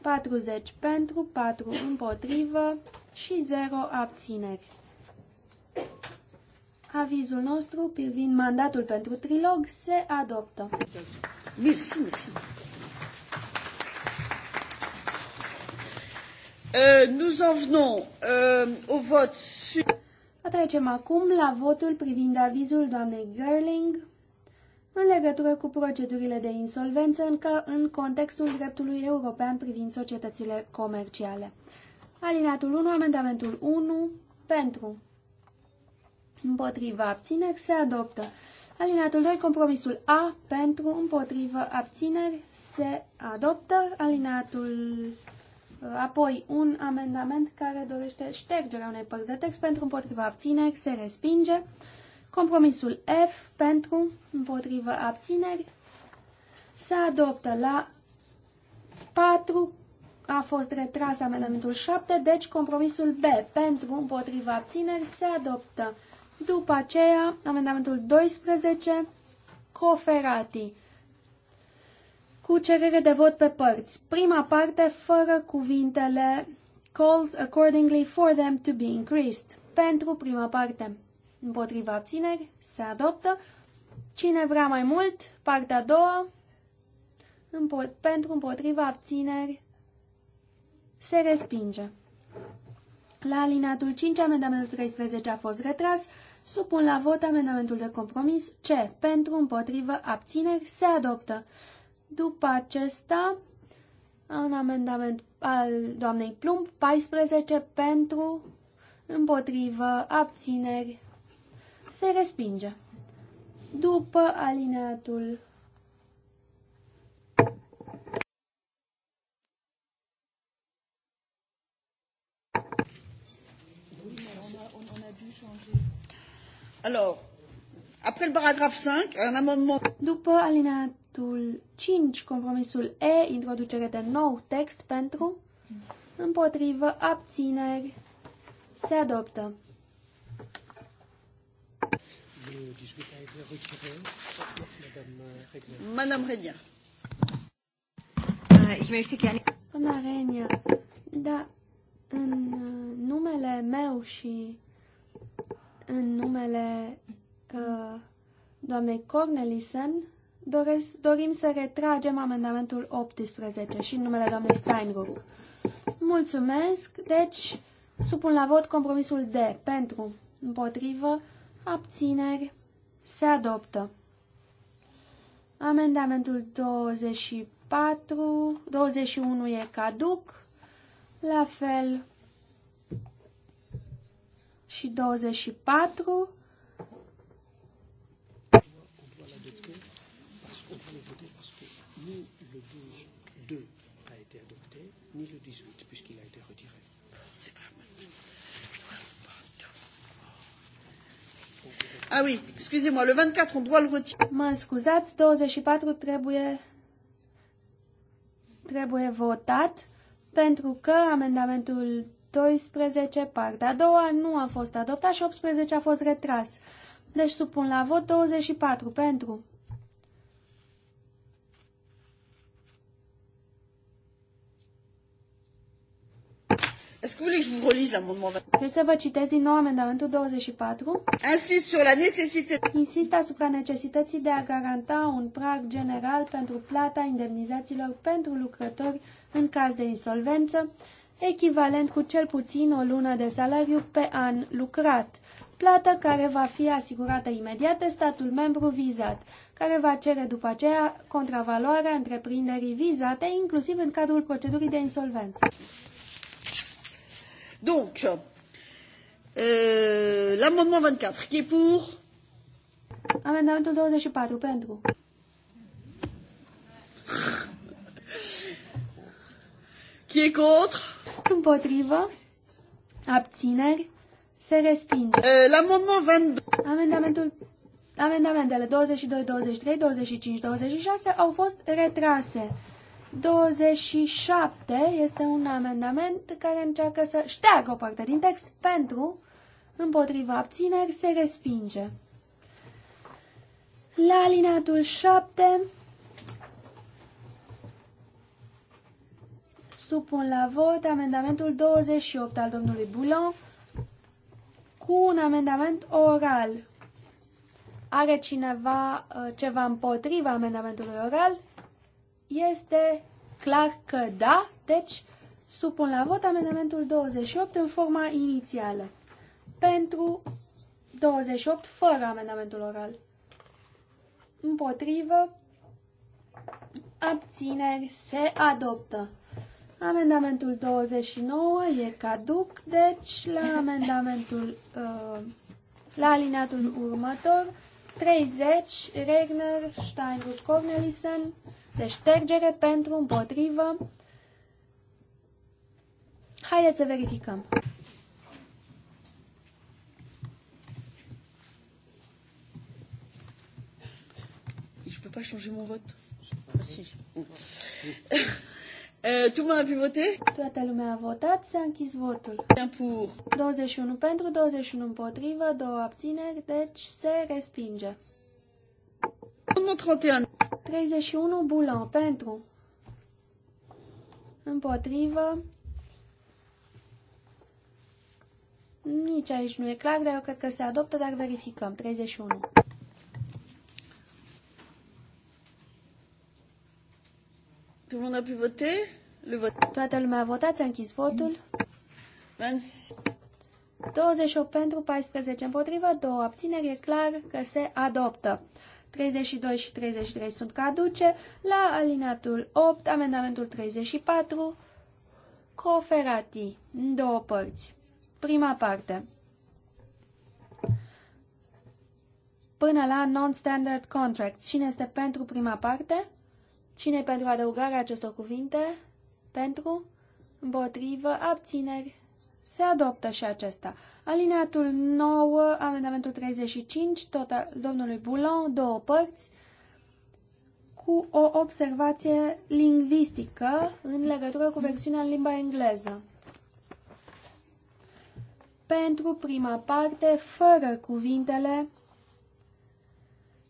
40 pentru, 4 împotrivă și 0 abțineri. Avizul nostru privind mandatul pentru trilog se adoptă. Mulțumesc. Uh, nous en venons uh, au vote sur... Trecem acum la votul privind avizul doamnei Gerling în legătură cu procedurile de insolvență încă în contextul dreptului european privind societățile comerciale. Alineatul 1, amendamentul 1, pentru. Împotriva abțineri se adoptă. Alineatul 2, compromisul A, pentru, împotriva abțineri se adoptă. Alineatul Apoi, un amendament care dorește ștergerea unei părți de text pentru împotriva abțineri se respinge. Compromisul F pentru împotriva abțineri se adoptă la 4, a fost retras amendamentul 7, deci compromisul B pentru împotriva abțineri se adoptă. După aceea, amendamentul 12, Coferati cu cerere de vot pe părți. Prima parte fără cuvintele calls accordingly for them to be increased. Pentru prima parte. Împotriva abțineri, se adoptă. Cine vrea mai mult, partea a doua, împot pentru împotriva abțineri, se respinge. La alineatul 5, amendamentul 13 a fost retras. Supun la vot amendamentul de compromis C. Pentru împotrivă abțineri se adoptă. După acesta, un amendament al doamnei Plumb, 14 pentru, împotrivă, abțineri, se respinge. După alineatul Alors, après le paragraphe 5, un amendement... După alineatul Amendamentul 5, compromisul E, introducere de nou text pentru, împotrivă, abțineri, se adoptă. Madame Renia. Uh, Doamna Renia, da, în uh, numele meu și în numele uh, doamnei Cornelison, doresc, dorim să retragem amendamentul 18 și în numele doamnei Steinruck. Mulțumesc, deci supun la vot compromisul D pentru, împotrivă, abțineri, se adoptă. Amendamentul 24, 21 e caduc, la fel și 24 Ah oui, excusez-moi, le 24, on doit le retirer. Mă scuzați, 24 trebuie, trebuie votat pentru că amendamentul 12, partea a doua, nu a fost adoptat și 18 a fost retras. Deci supun la vot 24 pentru, voulez que je vous relise l'amendement 24 să vă citesc din nou amendamentul 24. Insist sur la nécessité... Insist asupra necesității de a garanta un prag general pentru plata indemnizațiilor pentru lucrători în caz de insolvență, echivalent cu cel puțin o lună de salariu pe an lucrat, plată care va fi asigurată imediat de statul membru vizat, care va cere după aceea contravaloarea întreprinderii vizate, inclusiv în cadrul procedurii de insolvență. Donc, euh, l'amendement 24, qui est pour Amendamentul 24, pentru. qui est contre Împotrivă. Abțineri. Se respinge. Euh, l'amendement 22. Amendamentul Amendamentele 22, 23, 25, 26 au fost retrase. 27 este un amendament care încearcă să șteargă o parte din text pentru, împotriva abțineri, se respinge. La alineatul 7 supun la vot amendamentul 28 al domnului Boulon cu un amendament oral. Are cineva uh, ceva împotriva amendamentului oral? este clar că da, deci supun la vot amendamentul 28 în forma inițială. Pentru 28 fără amendamentul oral. Împotrivă, abțineri, se adoptă. Amendamentul 29 e caduc, deci la amendamentul, uh, la alineatul următor, 30, Regner, Steinrus, Cornelissen, de ștergere pentru împotrivă. Haideți să verificăm. Deci je peux pas changer mon vote. Ah, si. Euh, tout le monde a pu voter? Toată lumea a votat, s-a închis votul. Pour. 21 pentru, 21 împotrivă, 2 abțineri, deci se respinge. 31. 31 Bulan pentru. Împotrivă. Nici aici nu e clar, dar eu cred că se adoptă, dar verificăm. 31. Tout le monde a pu voter? Le vote. Toată lumea a votat, s-a închis votul. 28 pentru, 14 împotrivă, 2 abțineri, e clar că se adoptă. 32 și 33 sunt caduce. La alineatul 8, amendamentul 34, cooperatii, în două părți. Prima parte. Până la non-standard contracts. Cine este pentru prima parte? Cine pentru adăugarea acestor cuvinte? Pentru? Împotrivă? Abțineri? Se adoptă și acesta. Alineatul 9, amendamentul 35, tot al domnului Boulon, două părți, cu o observație lingvistică în legătură cu versiunea în limba engleză. Pentru prima parte, fără cuvintele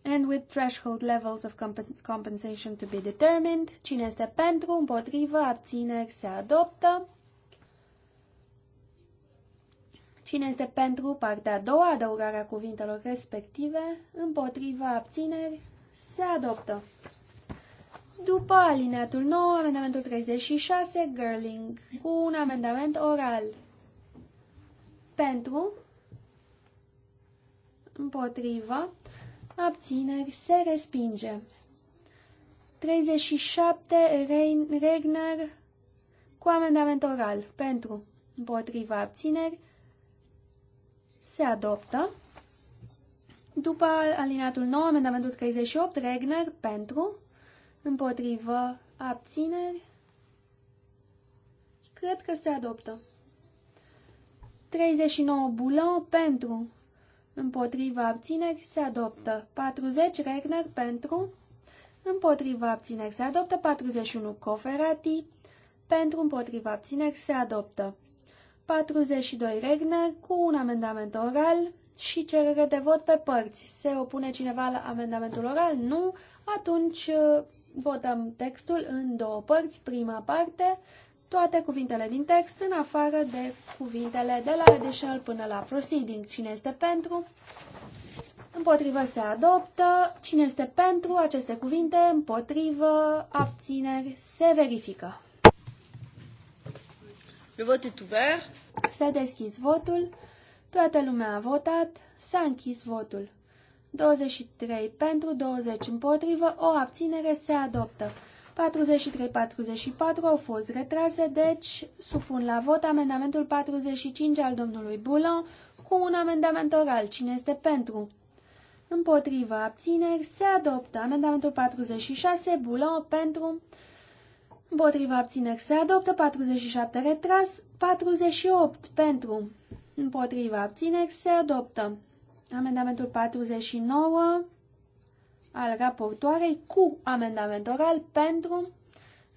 and with threshold levels of comp compensation to be determined. Cine este pentru, împotrivă, abțineri, se adoptă. Cine este pentru partea a doua, adăugarea cuvintelor respective, împotriva abțineri, se adoptă. După alineatul 9, amendamentul 36, Gerling, cu un amendament oral. Pentru, împotriva, abțineri, se respinge. 37, Regner, cu amendament oral. Pentru, împotriva, abțineri, se adoptă. După alineatul 9, amendamentul 38, Regner pentru, împotrivă, abțineri, cred că se adoptă. 39, Bulon pentru, împotrivă, abțineri, se adoptă. 40, Regner pentru, împotrivă, abțineri, se adoptă. 41, Coferati pentru, împotrivă, abțineri, se adoptă. 42 regne cu un amendament oral și cerere de vot pe părți. Se opune cineva la amendamentul oral? Nu. Atunci uh, votăm textul în două părți. Prima parte, toate cuvintele din text, în afară de cuvintele de la additional până la proceeding. Cine este pentru? Împotrivă se adoptă. Cine este pentru aceste cuvinte? Împotrivă, abțineri, se verifică. Le vote est ouvert. S-a deschis votul. Toată lumea a votat. S-a închis votul. 23 pentru, 20 împotrivă, o abținere se adoptă. 43-44 au fost retrase, deci supun la vot amendamentul 45 al domnului Bulan cu un amendament oral. Cine este pentru? Împotrivă abțineri se adoptă amendamentul 46 Bulan pentru Împotriva abțineri se adoptă 47 retras, 48 pentru. Împotriva abțineri se adoptă amendamentul 49 al raportoarei cu amendament oral pentru.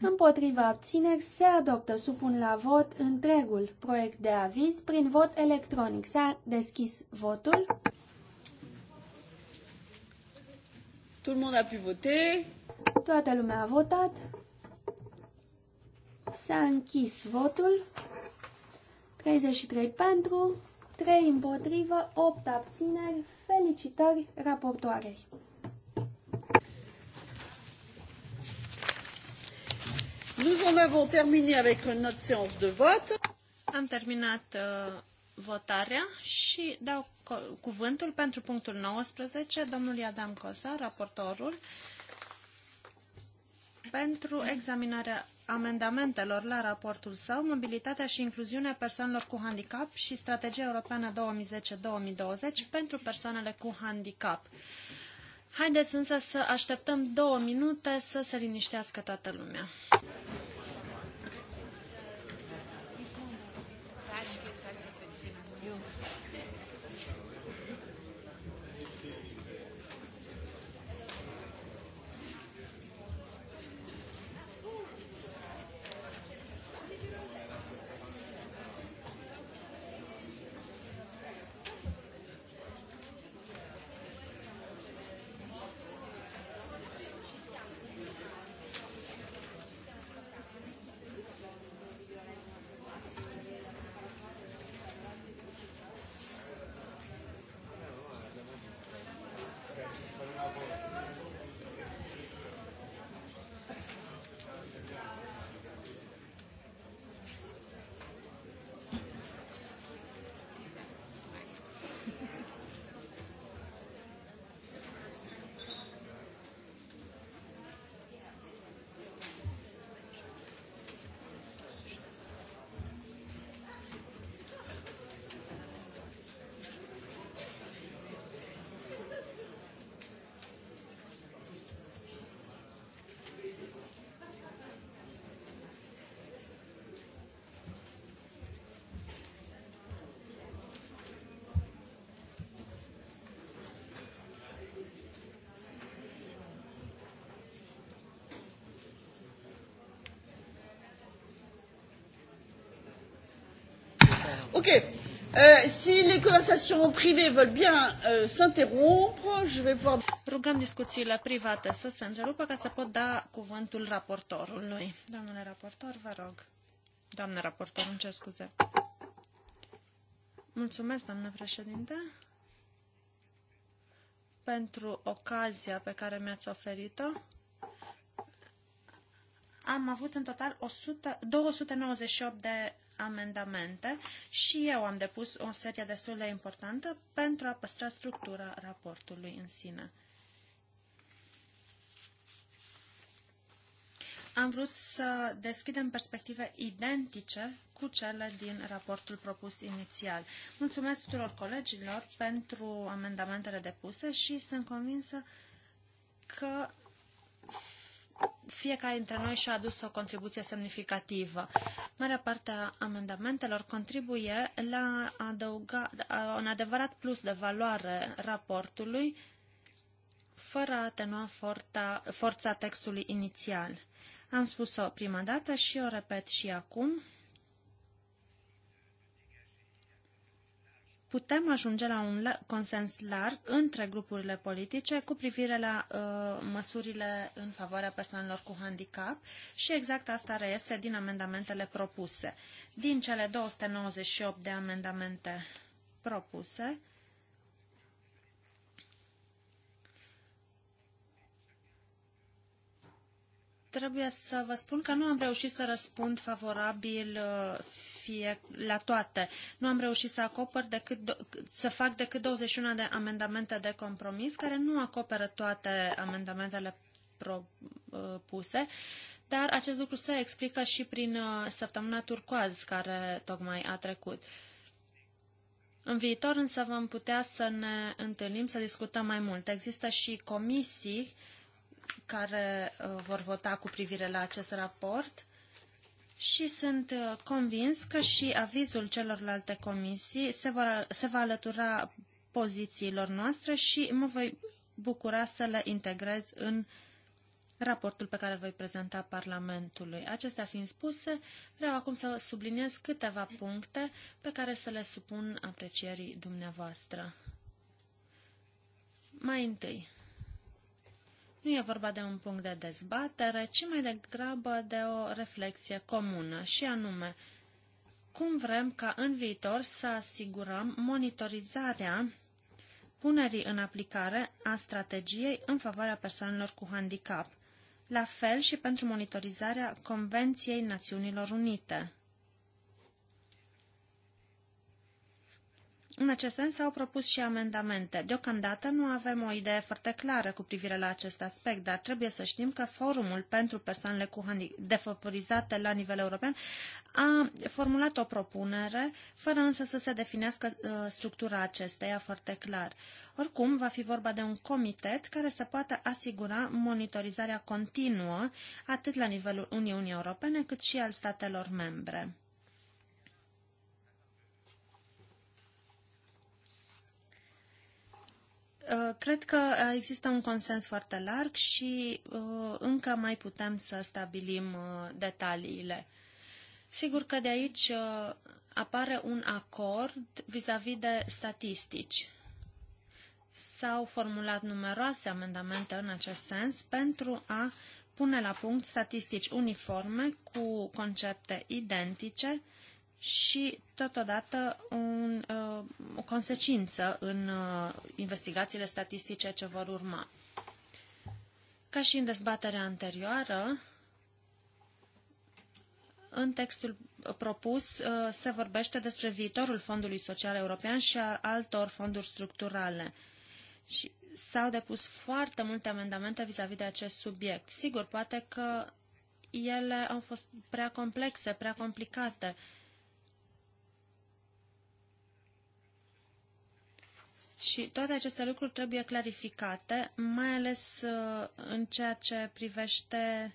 Împotriva abțineri se adoptă supun la vot întregul proiect de aviz prin vot electronic. S-a deschis votul. Toată lumea a votat. S-a închis votul. 33 pentru, 3 împotrivă, 8 abțineri. Felicitări raportoarei! Nous en avons terminé avec notre séance de vote. Am terminat uh, votarea și dau cuvântul pentru punctul 19 domnului Adam Cosa, raportorul, pentru examinarea amendamentelor la raportul său, mobilitatea și incluziunea persoanelor cu handicap și strategia europeană 2010-2020 pentru persoanele cu handicap. Haideți însă să așteptăm două minute să se liniștească toată lumea. Ok. Euh, si les conversations privées veulent bien euh, s'interrompre, je vais pouvoir... Rugăm discuțiile private să se îngerupă ca să pot da cuvântul raportorului. Domnule raportor, vă rog. Doamnă raportor, îmi cer scuze. Mulțumesc, doamnă președinte, pentru ocazia pe care mi-ați oferit-o. Am avut în total 100, 298 de amendamente și eu am depus o serie destul de importantă pentru a păstra structura raportului în sine. Am vrut să deschidem perspective identice cu cele din raportul propus inițial. Mulțumesc tuturor colegilor pentru amendamentele depuse și sunt convinsă că fiecare dintre noi și-a adus o contribuție semnificativă. Marea parte a amendamentelor contribuie la adăuga un adevărat plus de valoare raportului, fără a atenua forța, forța textului inițial. Am spus-o prima dată și o repet și acum. putem ajunge la un consens larg între grupurile politice cu privire la uh, măsurile în favoarea persoanelor cu handicap și exact asta reiese din amendamentele propuse. Din cele 298 de amendamente propuse, Trebuie să vă spun că nu am reușit să răspund favorabil uh, fie la toate. Nu am reușit să acopăr decât, să fac decât 21 de amendamente de compromis care nu acoperă toate amendamentele propuse, uh, dar acest lucru se explică și prin uh, săptămâna turcoaz care tocmai a trecut. În viitor însă vom putea să ne întâlnim, să discutăm mai mult. Există și comisii care uh, vor vota cu privire la acest raport și sunt uh, convins că și avizul celorlalte comisii se, vor, se va alătura pozițiilor noastre și mă voi bucura să le integrez în raportul pe care îl voi prezenta Parlamentului. Acestea fiind spuse, vreau acum să subliniez câteva puncte pe care să le supun aprecierii dumneavoastră. Mai întâi, nu e vorba de un punct de dezbatere, ci mai degrabă de o reflexie comună, și anume, cum vrem ca în viitor să asigurăm monitorizarea punerii în aplicare a strategiei în favoarea persoanelor cu handicap, la fel și pentru monitorizarea Convenției Națiunilor Unite. În acest sens s-au propus și amendamente. Deocamdată nu avem o idee foarte clară cu privire la acest aspect, dar trebuie să știm că forumul pentru persoanele cu defavorizate la nivel european a formulat o propunere, fără însă să se definească uh, structura acesteia foarte clar. Oricum, va fi vorba de un comitet care să poată asigura monitorizarea continuă atât la nivelul Uniunii Europene cât și al statelor membre. Uh, cred că uh, există un consens foarte larg și uh, încă mai putem să stabilim detaliile. Sigur că de aici apare un acord vis-a-vis -vis de statistici. S-au formulat numeroase amendamente în acest sens pentru a pune la punct statistici uniforme cu concepte identice și, totodată, un, uh, o consecință în uh, investigațiile statistice ce vor urma. Ca și în dezbaterea anterioară, în textul propus uh, se vorbește despre viitorul Fondului Social European și al altor fonduri structurale. Și s-au depus foarte multe amendamente vis-a-vis -vis de acest subiect. Sigur, poate că ele au fost prea complexe, prea complicate. Uh, Și toate aceste lucruri trebuie clarificate, mai ales uh, în ceea ce privește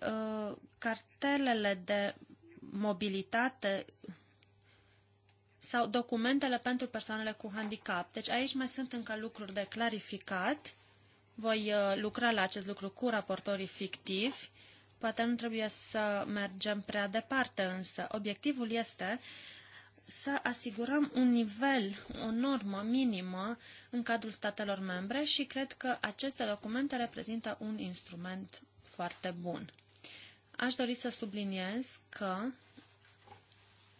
uh, cartelele de mobilitate sau documentele pentru persoanele cu handicap. Deci aici mai sunt încă lucruri de clarificat. Voi uh, lucra la acest lucru cu raportorii fictivi. Poate nu trebuie să mergem prea departe, însă obiectivul este uh, să asigurăm un nivel, o normă minimă în cadrul statelor membre și cred că aceste documente reprezintă un instrument foarte bun. Aș dori să subliniez că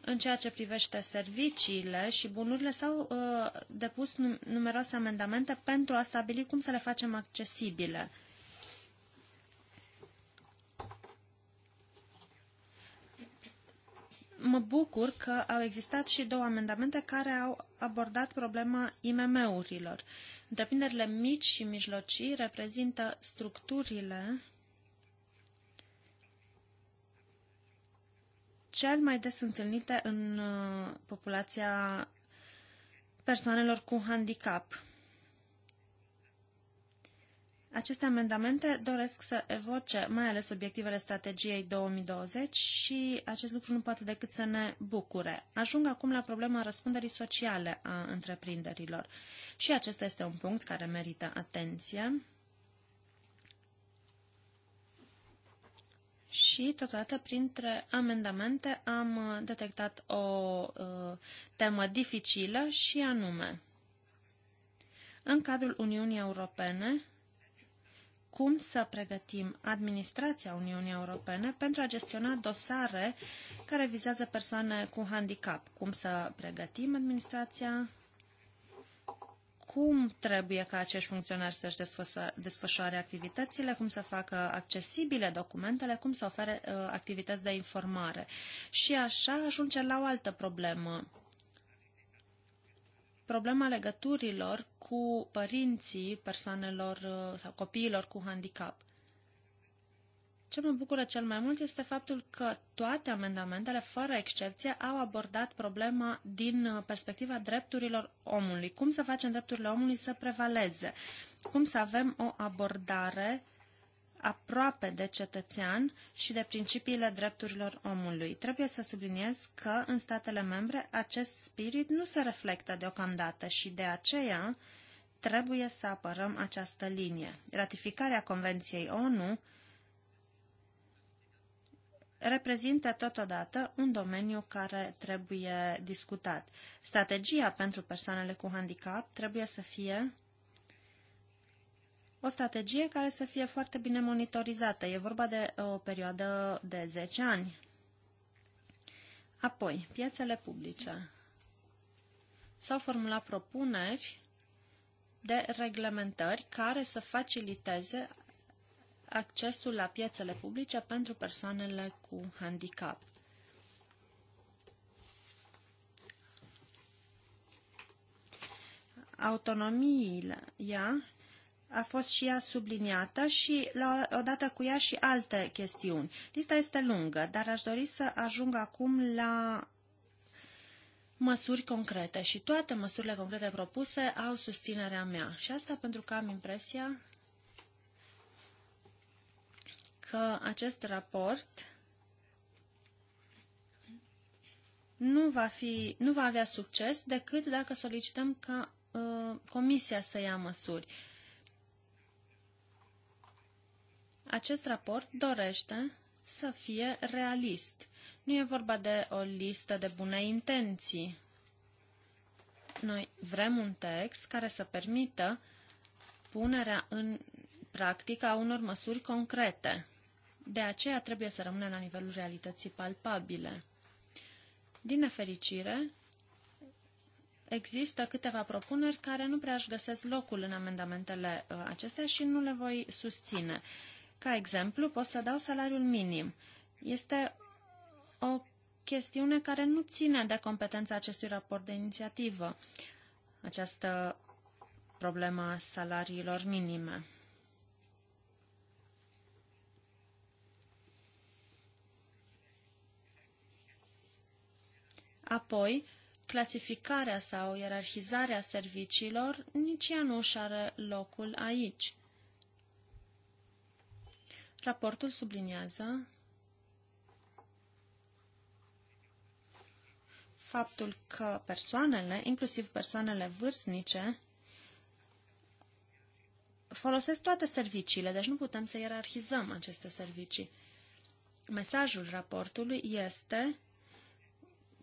în ceea ce privește serviciile și bunurile, s-au uh, depus numeroase amendamente pentru a stabili cum să le facem accesibile. mă bucur că au existat și două amendamente care au abordat problema IMM-urilor. Întreprinderile mici și mijlocii reprezintă structurile cel mai des întâlnite în uh, populația persoanelor cu handicap. Aceste amendamente doresc să evoce mai ales obiectivele strategiei 2020 și acest lucru nu poate decât să ne bucure. Ajung acum la problema răspunderii sociale a întreprinderilor. Și acesta este un punct care merită atenție. Și, totodată, printre amendamente am detectat o uh, temă dificilă și anume, în cadrul Uniunii Europene, cum să pregătim administrația Uniunii Europene pentru a gestiona dosare care vizează persoane cu handicap, cum să pregătim administrația, cum trebuie ca acești funcționari să-și desfășoare activitățile, cum să facă accesibile documentele, cum să ofere uh, activități de informare. Și așa ajunge la o altă problemă problema legăturilor cu părinții persoanelor uh, sau copiilor cu handicap. Ce mă bucură cel mai mult este faptul că toate amendamentele, fără excepție, au abordat problema din uh, perspectiva drepturilor omului. Cum să facem drepturile omului să prevaleze? Cum să avem o abordare uh, aproape de cetățean și de principiile drepturilor omului. Trebuie să subliniez că în statele membre acest spirit nu se reflectă deocamdată și de aceea trebuie să apărăm această linie. Ratificarea Convenției ONU reprezintă totodată un domeniu care trebuie discutat. Strategia pentru persoanele cu handicap trebuie să fie o strategie care să fie foarte bine monitorizată. E vorba de uh, o perioadă de 10 ani. Apoi, piețele publice. S-au formulat propuneri de reglementări care să faciliteze accesul la piețele publice pentru persoanele cu handicap. Autonomiile ea a fost și ea subliniată și la, odată cu ea și alte chestiuni. Lista este lungă, dar aș dori să ajung acum la măsuri concrete și toate măsurile concrete propuse au susținerea mea. Și asta pentru că am impresia că acest raport nu va, fi, nu va avea succes decât dacă solicităm ca uh, Comisia să ia măsuri. Acest raport dorește să fie realist. Nu e vorba de o listă de bune intenții. Noi vrem un text care să permită punerea în practică a unor măsuri concrete. De aceea trebuie să rămână la nivelul realității palpabile. Din nefericire, există câteva propuneri care nu prea își găsesc locul în amendamentele uh, acestea și nu le voi susține. Ca exemplu, pot să dau salariul minim. Este o chestiune care nu ține de competența acestui raport de inițiativă, această problema salariilor minime. Apoi, clasificarea sau ierarhizarea serviciilor nici ea nu își are locul aici. Raportul subliniază faptul că persoanele, inclusiv persoanele vârstnice, folosesc toate serviciile, deci nu putem să ierarhizăm aceste servicii. Mesajul raportului este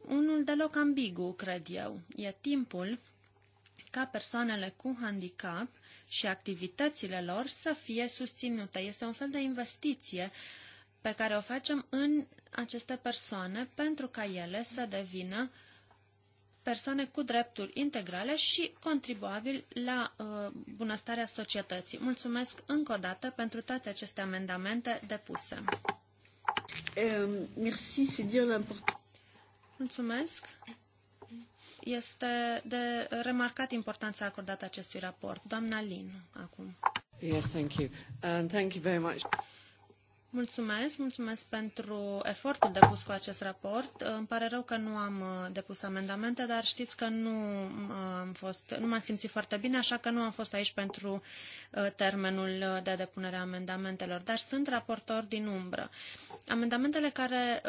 unul deloc ambigu, cred eu. E timpul ca persoanele cu handicap și activitățile lor să fie susținute. Este un fel de investiție pe care o facem în aceste persoane pentru ca ele să devină persoane cu drepturi integrale și contribuabili la uh, bunăstarea societății. Mulțumesc încă o dată pentru toate aceste amendamente depuse. Um, merci, Mulțumesc este de remarcat importanța acordată acestui raport. Doamna Lin, acum. Yes, thank you. And thank you very much. Mulțumesc, mulțumesc pentru efortul depus cu acest raport. Îmi pare rău că nu am uh, depus amendamente, dar știți că nu uh, am fost, nu m-am simțit foarte bine, așa că nu am fost aici pentru uh, termenul de depunere a amendamentelor, dar sunt raportor din umbră. Amendamentele care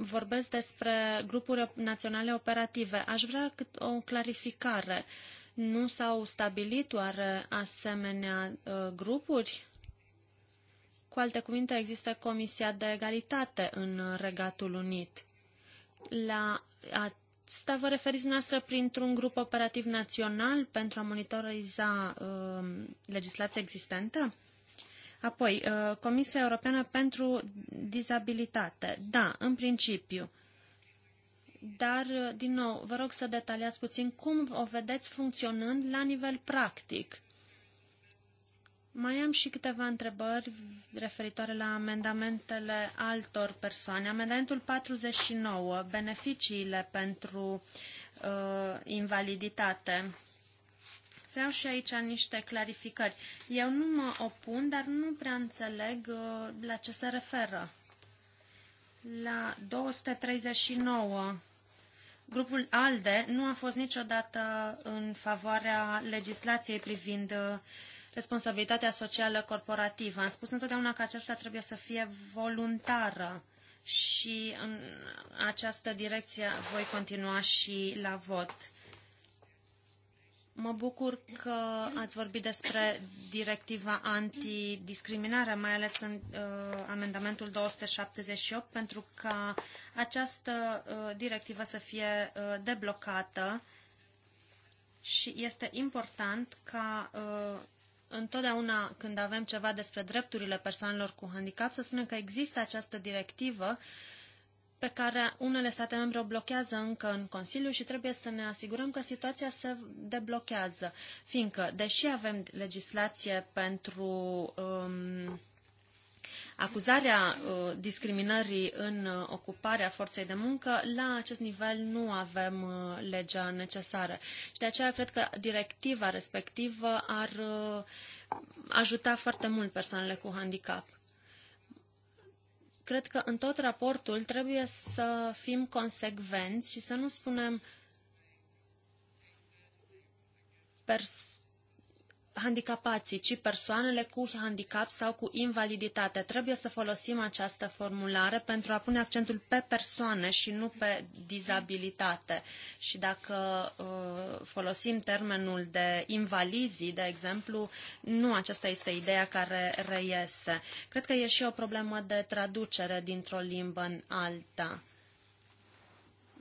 vorbesc despre grupuri naționale operative, aș vrea o clarificare. Nu s-au stabilit oare asemenea grupuri? Cu alte cuvinte, există Comisia de Egalitate în Regatul Unit. La asta vă referiți noastră printr-un grup operativ național pentru a monitoriza uh, legislația existentă? Apoi, uh, Comisia Europeană pentru Dizabilitate. Da, în principiu. Dar, uh, din nou, vă rog să detaliați puțin cum o vedeți funcționând la nivel practic mai am și câteva întrebări referitoare la amendamentele altor persoane. Amendamentul 49, beneficiile pentru uh, invaliditate. Vreau și aici niște clarificări. Eu nu mă opun, dar nu prea înțeleg uh, la ce se referă. La 239. Grupul ALDE nu a fost niciodată în favoarea legislației privind uh, responsabilitatea socială corporativă. Am spus întotdeauna că aceasta trebuie să fie voluntară și în această direcție voi continua și la vot. Mă bucur că ați vorbit despre directiva antidiscriminare, mai ales în uh, amendamentul 278, pentru ca această uh, directivă să fie uh, deblocată și este important ca uh, întotdeauna când avem ceva despre drepturile persoanelor cu handicap, să spunem că există această directivă pe care unele state membre o blochează încă în Consiliu și trebuie să ne asigurăm că situația se deblochează, fiindcă, deși avem legislație pentru um, Acuzarea uh, discriminării în uh, ocuparea forței de muncă, la acest nivel nu avem uh, legea necesară. Și de aceea cred că directiva respectivă ar ajuta foarte mult persoanele cu handicap cred că în tot raportul trebuie să fim consecvenți și să nu spunem persoanele handicapații, ci persoanele cu handicap sau cu invaliditate. Trebuie să folosim această formulare pentru a pune accentul pe persoane și nu pe dizabilitate. Și dacă uh, folosim termenul de invalizii, de exemplu, nu aceasta este ideea care reiese. Cred că e și o problemă de traducere dintr-o limbă în alta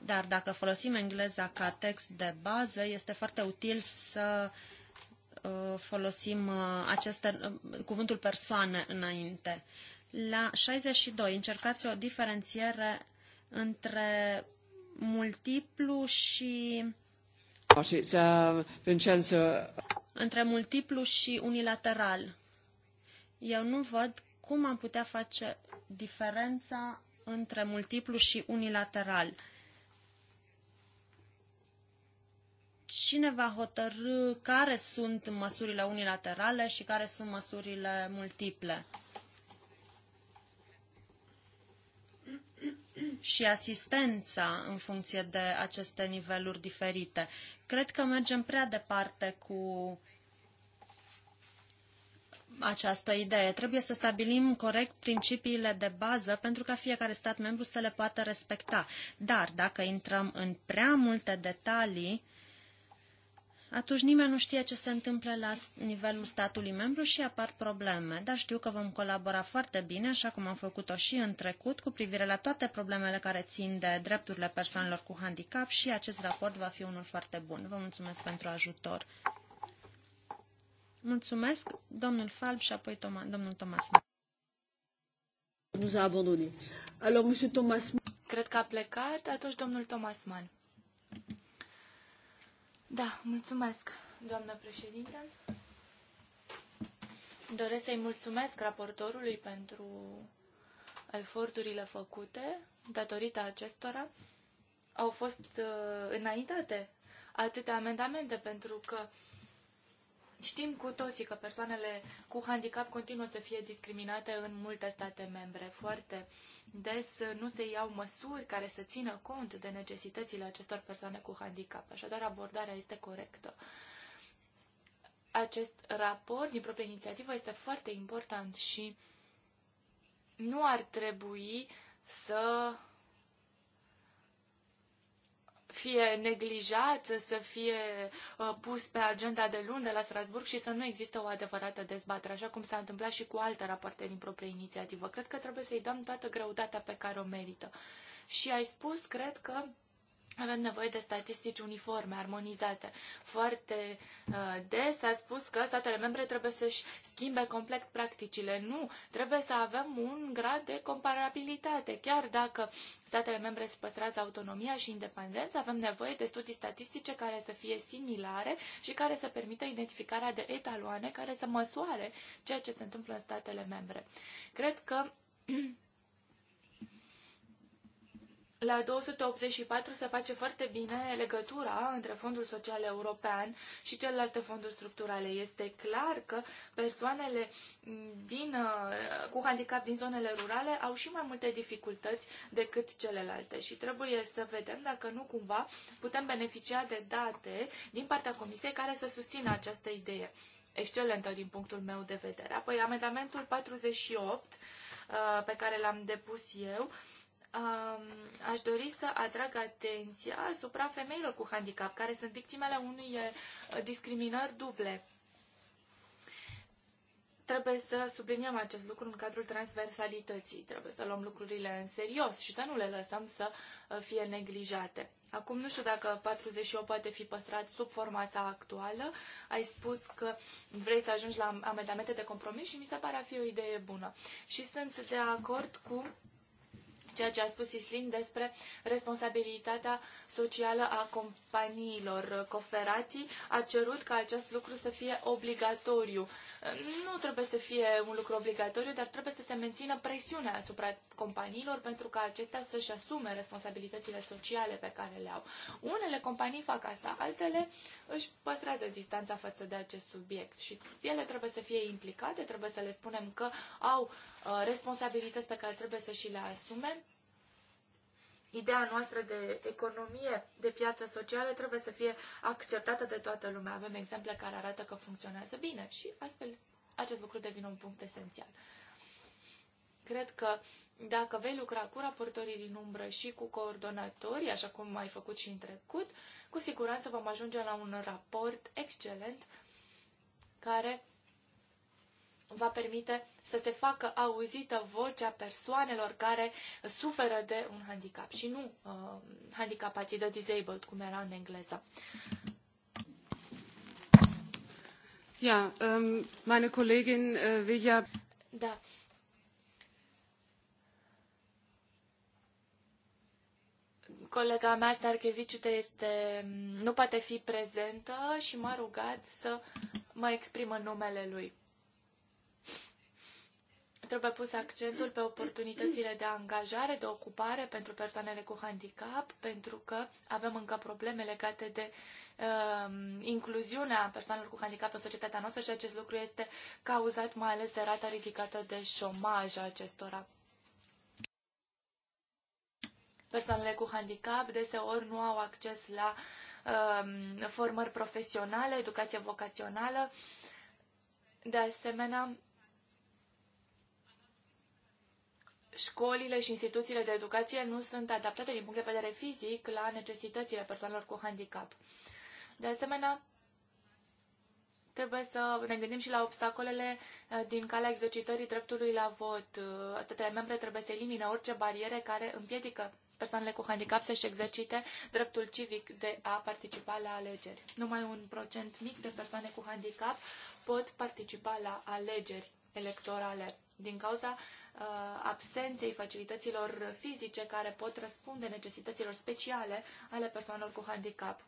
dar dacă folosim engleza ca text de bază, este foarte util să Uh, folosim uh, aceste, uh, cuvântul persoane înainte. La 62 încercați o diferențiere între multiplu și între multiplu și unilateral. Eu nu văd cum am putea face diferența între multiplu și unilateral. cine va hotărâ care sunt măsurile unilaterale și care sunt măsurile multiple? și asistența în funcție de aceste niveluri diferite. Cred că mergem prea departe cu această idee. Trebuie să stabilim corect principiile de bază pentru ca fiecare stat membru să le poată respecta. Dar dacă intrăm în prea multe detalii, atunci nimeni nu știe ce se întâmplă la nivelul statului membru și apar probleme. Dar știu că vom colabora foarte bine, așa cum am făcut-o și în trecut, cu privire la toate problemele care țin de drepturile persoanelor cu handicap și acest raport va fi unul foarte bun. Vă mulțumesc pentru ajutor. Mulțumesc, domnul Falb și apoi Toma, domnul Thomas. s a abandonat. Alors, Thomas... Cred că a plecat, atunci domnul Thomas Mann. Da, mulțumesc, doamnă președinte. Doresc să-i mulțumesc raportorului pentru eforturile făcute. Datorită acestora au fost uh, înaintate atâtea amendamente pentru că uh, Știm cu toții că persoanele cu handicap continuă să fie discriminate în multe state membre. Foarte des nu se iau măsuri care să țină cont de necesitățile acestor persoane cu handicap. Așadar, abordarea este corectă. Acest raport din proprie inițiativă este foarte important și nu ar trebui să fie neglijat, să fie uh, pus pe agenda de luni de la Strasburg și să nu există o adevărată dezbatere, așa cum s-a întâmplat și cu alte rapoarte din proprie inițiativă. Cred că trebuie să-i dăm toată greutatea pe care o merită. Și ai spus, cred că avem nevoie de statistici uniforme, armonizate. Foarte uh, des s-a spus că statele membre trebuie să-și schimbe complet practicile. Nu, trebuie să avem un grad de comparabilitate. Chiar dacă statele membre își păstrează autonomia și independența, avem nevoie de studii statistice care să fie similare și care să permită identificarea de etaloane care să măsoare ceea ce se întâmplă în statele membre. Cred că La 284 se face foarte bine legătura între Fondul Social European și celelalte fonduri structurale. Este clar că persoanele din, uh, cu handicap din zonele rurale au și mai multe dificultăți decât celelalte și trebuie să vedem dacă nu cumva putem beneficia de date din partea Comisiei care să susțină această idee. Excelentă din punctul meu de vedere. Apoi, amendamentul 48 uh, pe care l-am depus eu um, aș dori să atrag atenția asupra femeilor cu handicap, care sunt victimele unui eh, discriminări duble. Trebuie să subliniem acest lucru în cadrul transversalității. Trebuie să luăm lucrurile în serios și să nu le lăsăm să eh, fie neglijate. Acum nu știu dacă 48 poate fi păstrat sub forma sa actuală. Ai spus că vrei să ajungi la amendamente de compromis și mi se pare a fi o idee bună. Și sunt de acord cu ceea ce a spus Islin despre responsabilitatea socială a companiilor. Coferații a cerut ca acest lucru să fie obligatoriu. Nu trebuie să fie un lucru obligatoriu, dar trebuie să se mențină presiunea asupra companiilor pentru ca acestea să-și asume responsabilitățile sociale pe care le au. Unele companii fac asta, altele își păstrează distanța față de acest subiect și ele trebuie să fie implicate, trebuie să le spunem că au uh, responsabilități pe care trebuie să și le asume Ideea noastră de economie, de piață socială trebuie să fie acceptată de toată lumea. Avem exemple care arată că funcționează bine și astfel acest lucru devine un punct esențial. Cred că dacă vei lucra cu raportorii din umbră și cu coordonatorii, așa cum ai făcut și în trecut, cu siguranță vom ajunge la un raport excelent care va permite să se facă auzită vocea persoanelor care suferă de un handicap și nu uh, handicapații de disabled, cum era în engleză. Ja, um, meine Kollegin uh, will ja. Da. Colega mea, Starkeviciu, este, nu poate fi prezentă și m-a rugat să mă exprim în numele lui trebuie pus accentul pe oportunitățile de angajare, de ocupare pentru persoanele cu handicap, pentru că avem încă probleme legate de uh, incluziunea persoanelor cu handicap în societatea noastră și acest lucru este cauzat mai ales de rata ridicată de șomaj a acestora. Persoanele cu handicap deseori nu au acces la uh, formări profesionale, educație vocațională. De asemenea, școlile și instituțiile de educație nu sunt adaptate din punct de vedere fizic la necesitățile persoanelor cu handicap. De asemenea, trebuie să ne gândim și la obstacolele uh, din calea exercitării dreptului la vot. Uh, statele membre trebuie să elimine orice bariere care împiedică persoanele cu handicap să-și exercite dreptul civic de a participa la alegeri. Numai un procent mic de persoane cu handicap pot participa la alegeri electorale din cauza Uh, absenței facilităților fizice care pot răspunde necesităților speciale ale persoanelor cu handicap.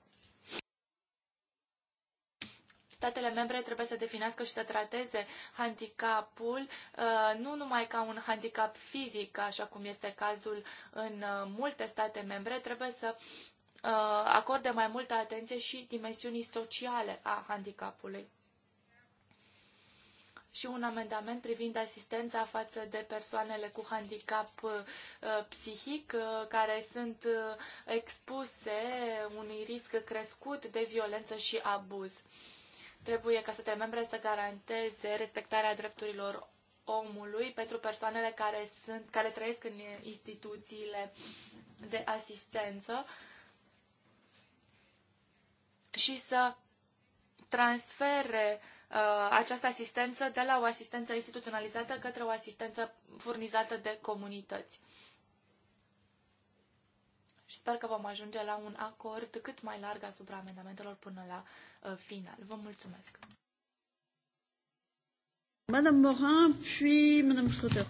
Statele membre trebuie să definească și să trateze handicapul uh, nu numai ca un handicap fizic, așa cum este cazul în uh, multe state membre, trebuie să acorde mai multă atenție și dimensiunii sociale a handicapului și un amendament privind asistența față de persoanele cu handicap uh, psihic uh, care sunt uh, expuse unui risc crescut de violență și abuz. Trebuie ca statele membre să garanteze respectarea drepturilor omului pentru persoanele care, sunt, care trăiesc în instituțiile de asistență și să transfere uh, Uh, această asistență de la o asistență instituționalizată către o asistență furnizată de comunități. Și sper că vom ajunge la un acord cât mai larg asupra amendamentelor până la uh, final. Vă mulțumesc! Madame Morin, puis Madame Schröter.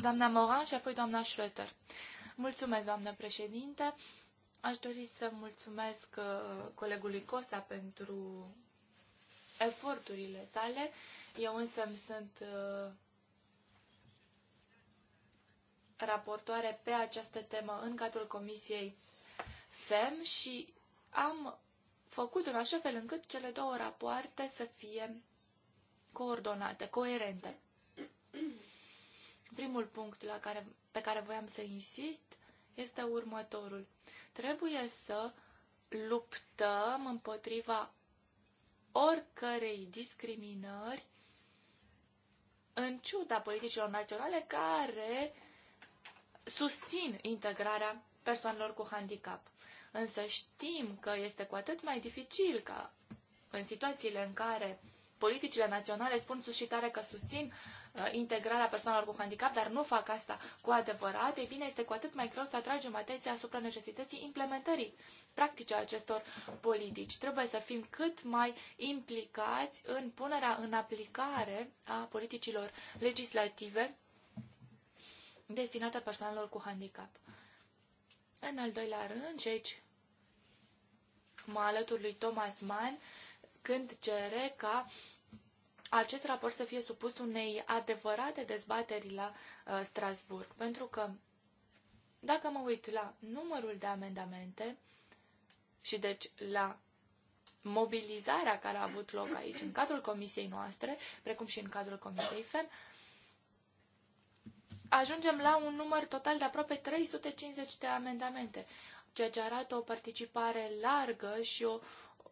Doamna Morin și apoi doamna Schröter. Mulțumesc, doamnă președinte. Aș dori să mulțumesc uh, colegului Cosa pentru eforturile sale. Eu însă îmi sunt uh, raportoare pe această temă în cadrul Comisiei FEM și am făcut în așa fel încât cele două rapoarte să fie coordonate, coerente. Primul punct la care, pe care voiam să insist este următorul. Trebuie să luptăm împotriva oricărei discriminări, în ciuda politicilor naționale care susțin integrarea persoanelor cu handicap. Însă știm că este cu atât mai dificil ca în situațiile în care politicile naționale spun sus și tare că susțin Uh, integrarea persoanelor cu handicap, dar nu fac asta cu adevărat, e bine, este cu atât mai greu să atragem atenția asupra necesității implementării practice a acestor politici. Trebuie să fim cât mai implicați în punerea în aplicare a politicilor legislative destinate persoanelor cu handicap. În al doilea rând, și aici mă alătur lui Thomas Mann, când cere ca acest raport să fie supus unei adevărate dezbateri la uh, Strasburg, pentru că dacă mă uit la numărul de amendamente și deci la mobilizarea care a avut loc aici în cadrul comisiei noastre, precum și în cadrul comisiei FEM, ajungem la un număr total de aproape 350 de amendamente, ceea ce arată o participare largă și o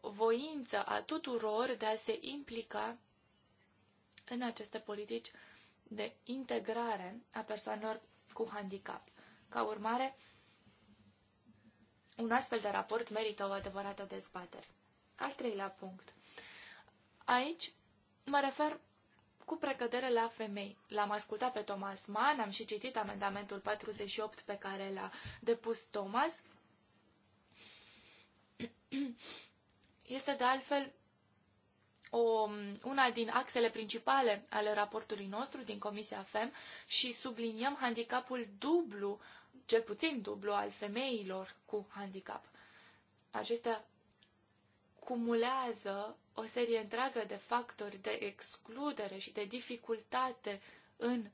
voință a tuturor de a se implica în aceste politici de integrare a persoanelor cu handicap. Ca urmare, un astfel de raport merită o adevărată dezbatere. Al treilea punct. Aici mă refer cu precădere la femei. L-am ascultat pe Thomas Mann, am și citit amendamentul 48 pe care l-a depus Thomas. Este de altfel o, una din axele principale ale raportului nostru din Comisia FEM și subliniem handicapul dublu, cel puțin dublu, al femeilor cu handicap. Acestea cumulează o serie întreagă de factori de excludere și de dificultate în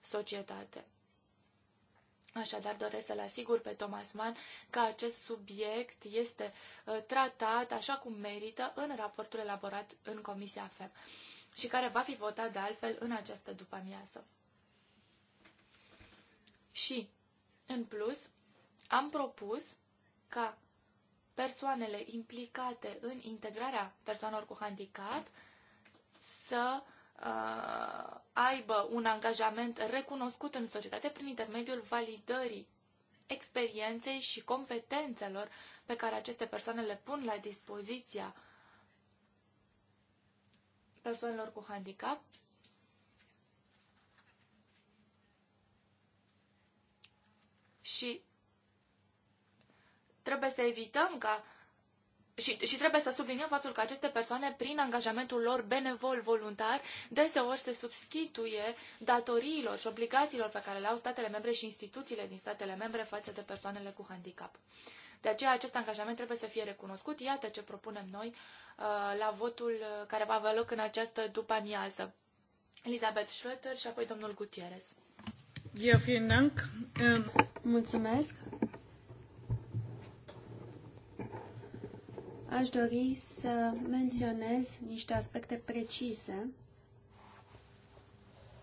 societate. Așadar, doresc să-l asigur pe Thomas Mann că acest subiect este uh, tratat așa cum merită în raportul elaborat în Comisia FEM și care va fi votat de altfel în această după-amiază. Și, în plus, am propus ca persoanele implicate în integrarea persoanelor cu handicap să uh, uh, aibă un angajament recunoscut în societate prin intermediul validării experienței și competențelor pe care aceste persoane le pun la dispoziția persoanelor cu handicap. Și trebuie să evităm ca uh, și, și trebuie să subliniem faptul că aceste persoane, prin angajamentul lor benevol voluntar, deseori se substituie datoriilor și obligațiilor pe care le au statele membre și instituțiile din statele membre față de persoanele cu handicap. De aceea acest angajament trebuie să fie recunoscut. Iată ce propunem noi uh, la votul uh, care va avea loc în această după amiază. Elizabeth Schröter și apoi domnul Gutierrez. Eu, vielen Dank. Mulțumesc. Aș dori să menționez niște aspecte precise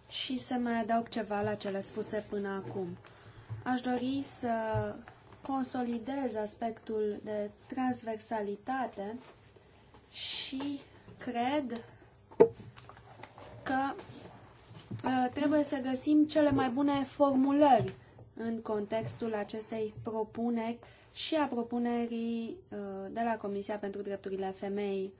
și să mai adaug ceva la cele spuse până acum. Aș dori să consolidez aspectul de transversalitate și cred că uh, trebuie să găsim cele mai bune formulări în contextul acestei propuneri și a propunerii uh, de la Comisia pentru Drepturile Femeii.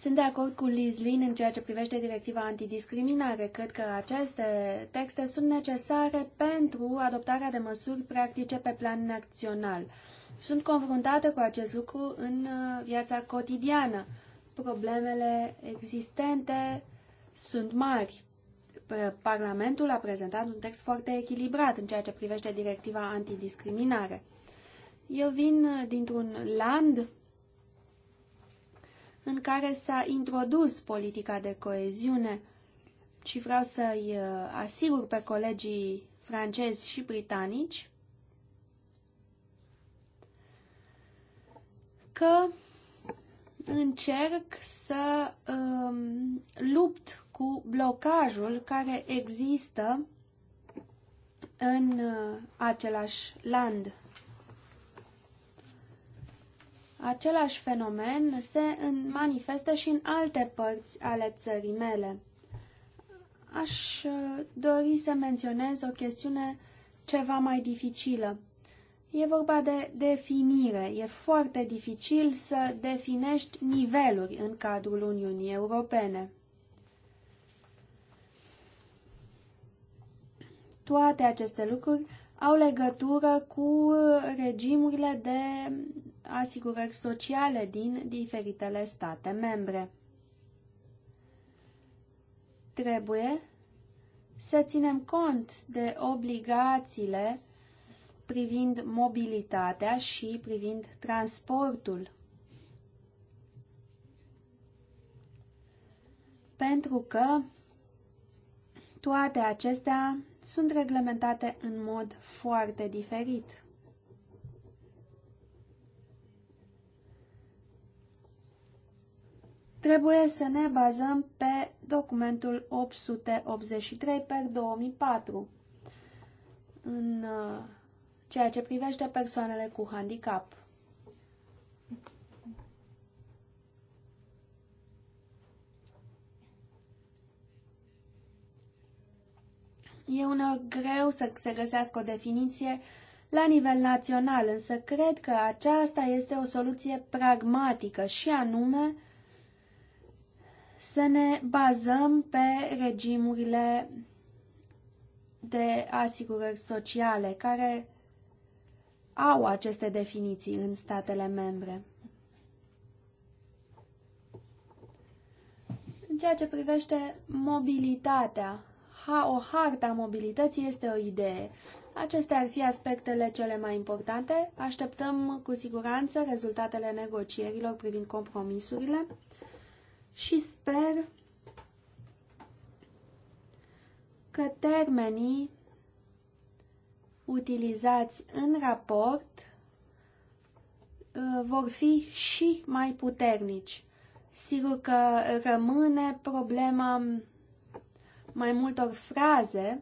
Sunt de acord cu Liz Lin în ceea ce privește directiva antidiscriminare. Cred că aceste texte sunt necesare pentru adoptarea de măsuri practice pe plan național. Sunt confruntată cu acest lucru în uh, viața cotidiană. Problemele existente sunt mari. Parlamentul a prezentat un text foarte echilibrat în ceea ce privește directiva antidiscriminare. Eu vin dintr-un land în care s-a introdus politica de coeziune și vreau să-i uh, asigur pe colegii francezi și britanici că încerc să um, lupt cu blocajul care există în uh, același land. Același fenomen se manifestă și în alte părți ale țării mele. Aș uh, dori să menționez o chestiune ceva mai dificilă. E vorba de definire. E foarte dificil să definești niveluri în cadrul Uniunii Europene. Toate aceste lucruri au legătură cu regimurile de asigurări sociale din diferitele state membre. Trebuie să ținem cont de obligațiile privind mobilitatea și privind transportul. Pentru că toate acestea sunt reglementate în mod foarte diferit. Trebuie să ne bazăm pe documentul 883 per 2004 în uh, ceea ce privește persoanele cu handicap. E uneori uh, greu să se găsească o definiție la nivel național, însă cred că aceasta este o soluție pragmatică și anume să ne bazăm pe regimurile de asigurări sociale care au aceste definiții în statele membre. În ceea ce privește mobilitatea, o hartă a mobilității este o idee. Acestea ar fi aspectele cele mai importante. Așteptăm cu siguranță rezultatele negocierilor privind compromisurile și sper că termenii utilizați în raport uh, vor fi și mai puternici. Sigur că rămâne problema mai multor fraze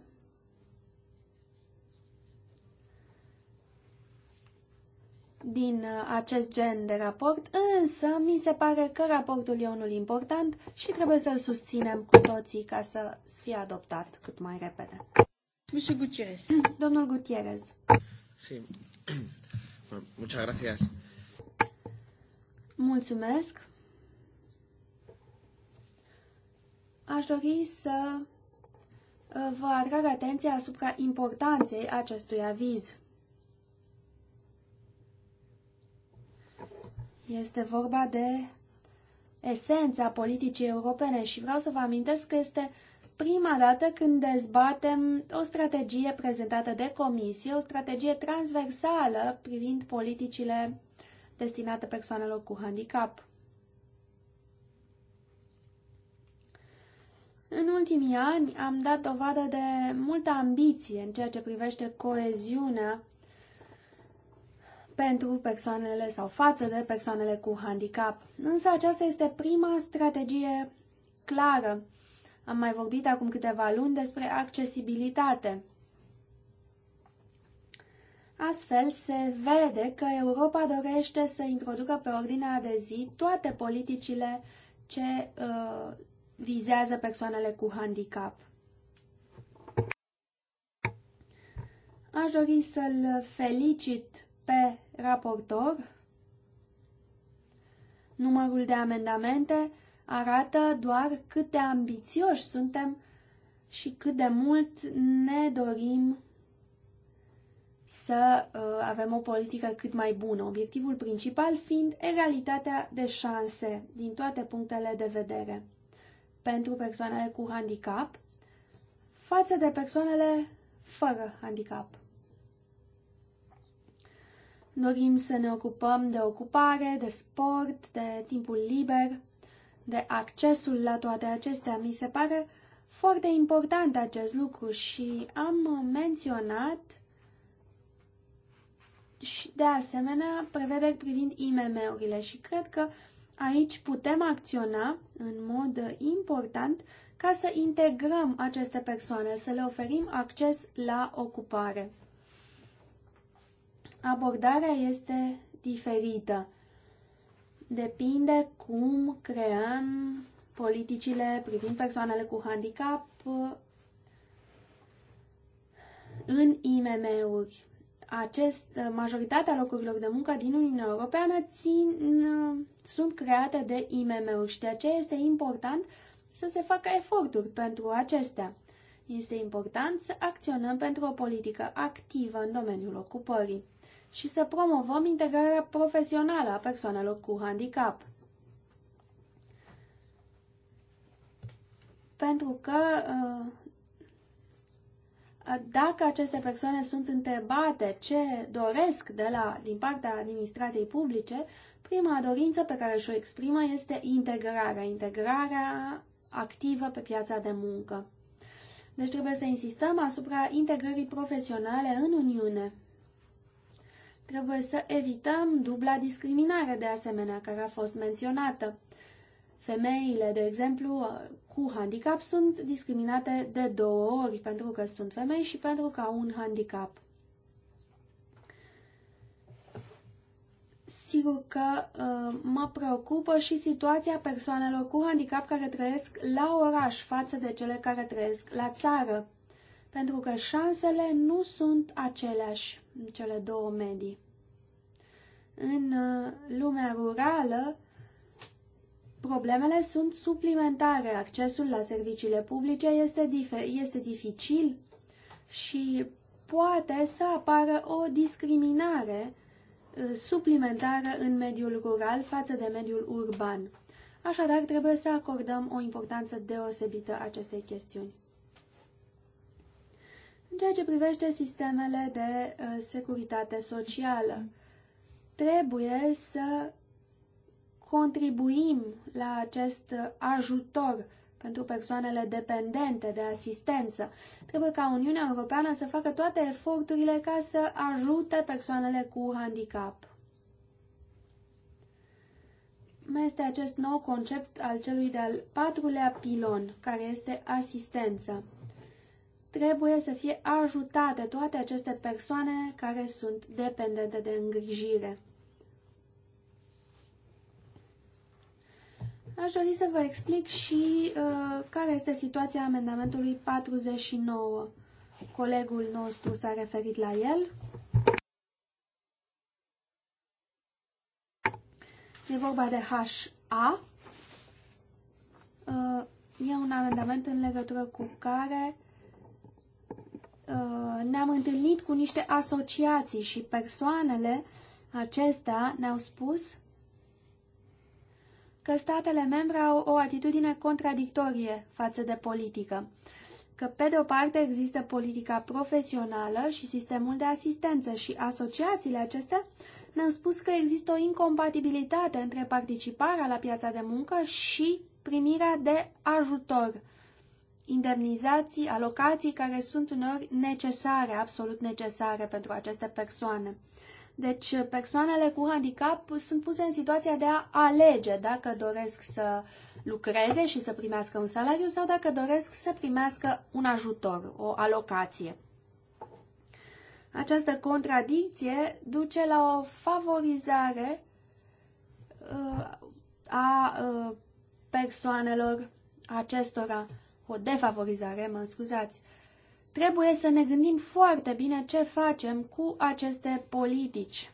din uh, acest gen de raport, însă mi se pare că raportul e unul important și trebuie să-l susținem cu toții ca să fie adoptat cât mai repede. Mr. Gutierrez. Domnul Gutierrez. Sí. muchas gracias. Mulțumesc. Aș dori să vă atrag atenția asupra importanței acestui aviz. Este vorba de esența politicii europene și vreau să vă amintesc că este prima dată când dezbatem o strategie prezentată de comisie, o strategie transversală privind politicile destinate persoanelor cu handicap. În ultimii ani am dat dovadă de multă ambiție în ceea ce privește coeziunea pentru persoanele sau față de persoanele cu handicap. Însă aceasta este prima strategie clară. Am mai vorbit acum câteva luni despre accesibilitate. Astfel, se vede că Europa dorește să introducă pe ordinea de zi toate politicile ce uh, vizează persoanele cu handicap. Aș dori să-l felicit pe raportor. Numărul de amendamente arată doar cât de ambițioși suntem și cât de mult ne dorim să uh, avem o politică cât mai bună, obiectivul principal fiind egalitatea de șanse din toate punctele de vedere pentru persoanele cu handicap față de persoanele fără handicap. Dorim să ne ocupăm de ocupare, de sport, de timpul liber, de accesul la toate acestea. Mi se pare foarte important acest lucru și am menționat și de asemenea prevederi privind IMM-urile și cred că Aici putem acționa în mod important ca să integrăm aceste persoane, să le oferim acces la ocupare. Abordarea este diferită. Depinde cum creăm politicile privind persoanele cu handicap în IMM-uri acest, uh, majoritatea locurilor de muncă din Uniunea Europeană țin, uh, sunt create de IMM-uri și de aceea este important să se facă eforturi pentru acestea. Este important să acționăm pentru o politică activă în domeniul ocupării și să promovăm integrarea profesională a persoanelor cu handicap. Pentru că uh, dacă aceste persoane sunt întrebate ce doresc de la, din partea administrației publice, prima dorință pe care și-o exprimă este integrarea, integrarea activă pe piața de muncă. Deci trebuie să insistăm asupra integrării profesionale în Uniune. Trebuie să evităm dubla discriminare de asemenea care a fost menționată. Femeile, de exemplu, cu handicap sunt discriminate de două ori, pentru că sunt femei și pentru că au un handicap. Sigur că uh, mă preocupă și situația persoanelor cu handicap care trăiesc la oraș față de cele care trăiesc la țară, pentru că șansele nu sunt aceleași în cele două medii. În uh, lumea rurală, uh, Problemele sunt suplimentare. Accesul la serviciile publice este, dif- este dificil și poate să apară o discriminare uh, suplimentară în mediul rural față de mediul urban. Așadar, trebuie să acordăm o importanță deosebită acestei chestiuni. În ceea ce privește sistemele de uh, securitate socială, trebuie să contribuim la acest ajutor pentru persoanele dependente de asistență. Trebuie ca Uniunea Europeană să facă toate eforturile ca să ajute persoanele cu handicap. Mai este acest nou concept al celui de-al patrulea pilon, care este asistență. Trebuie să fie ajutate toate aceste persoane care sunt dependente de îngrijire. Aș dori să vă explic și uh, care este situația amendamentului 49. Colegul nostru s-a referit la el. E vorba de HA. Uh, e un amendament în legătură cu care uh, ne-am întâlnit cu niște asociații și persoanele acestea ne-au spus că statele membre au o atitudine contradictorie față de politică, că pe de o parte există politica profesională și sistemul de asistență și asociațiile acestea ne-au spus că există o incompatibilitate între participarea la piața de muncă și primirea de ajutor, indemnizații, alocații care sunt uneori necesare, absolut necesare pentru aceste persoane. Deci persoanele cu handicap sunt puse în situația de a alege dacă doresc să lucreze și să primească un salariu sau dacă doresc să primească un ajutor, o alocație. Această contradicție duce la o favorizare uh, a uh, persoanelor acestora, o defavorizare, mă scuzați, Trebuie să ne gândim foarte bine ce facem cu aceste politici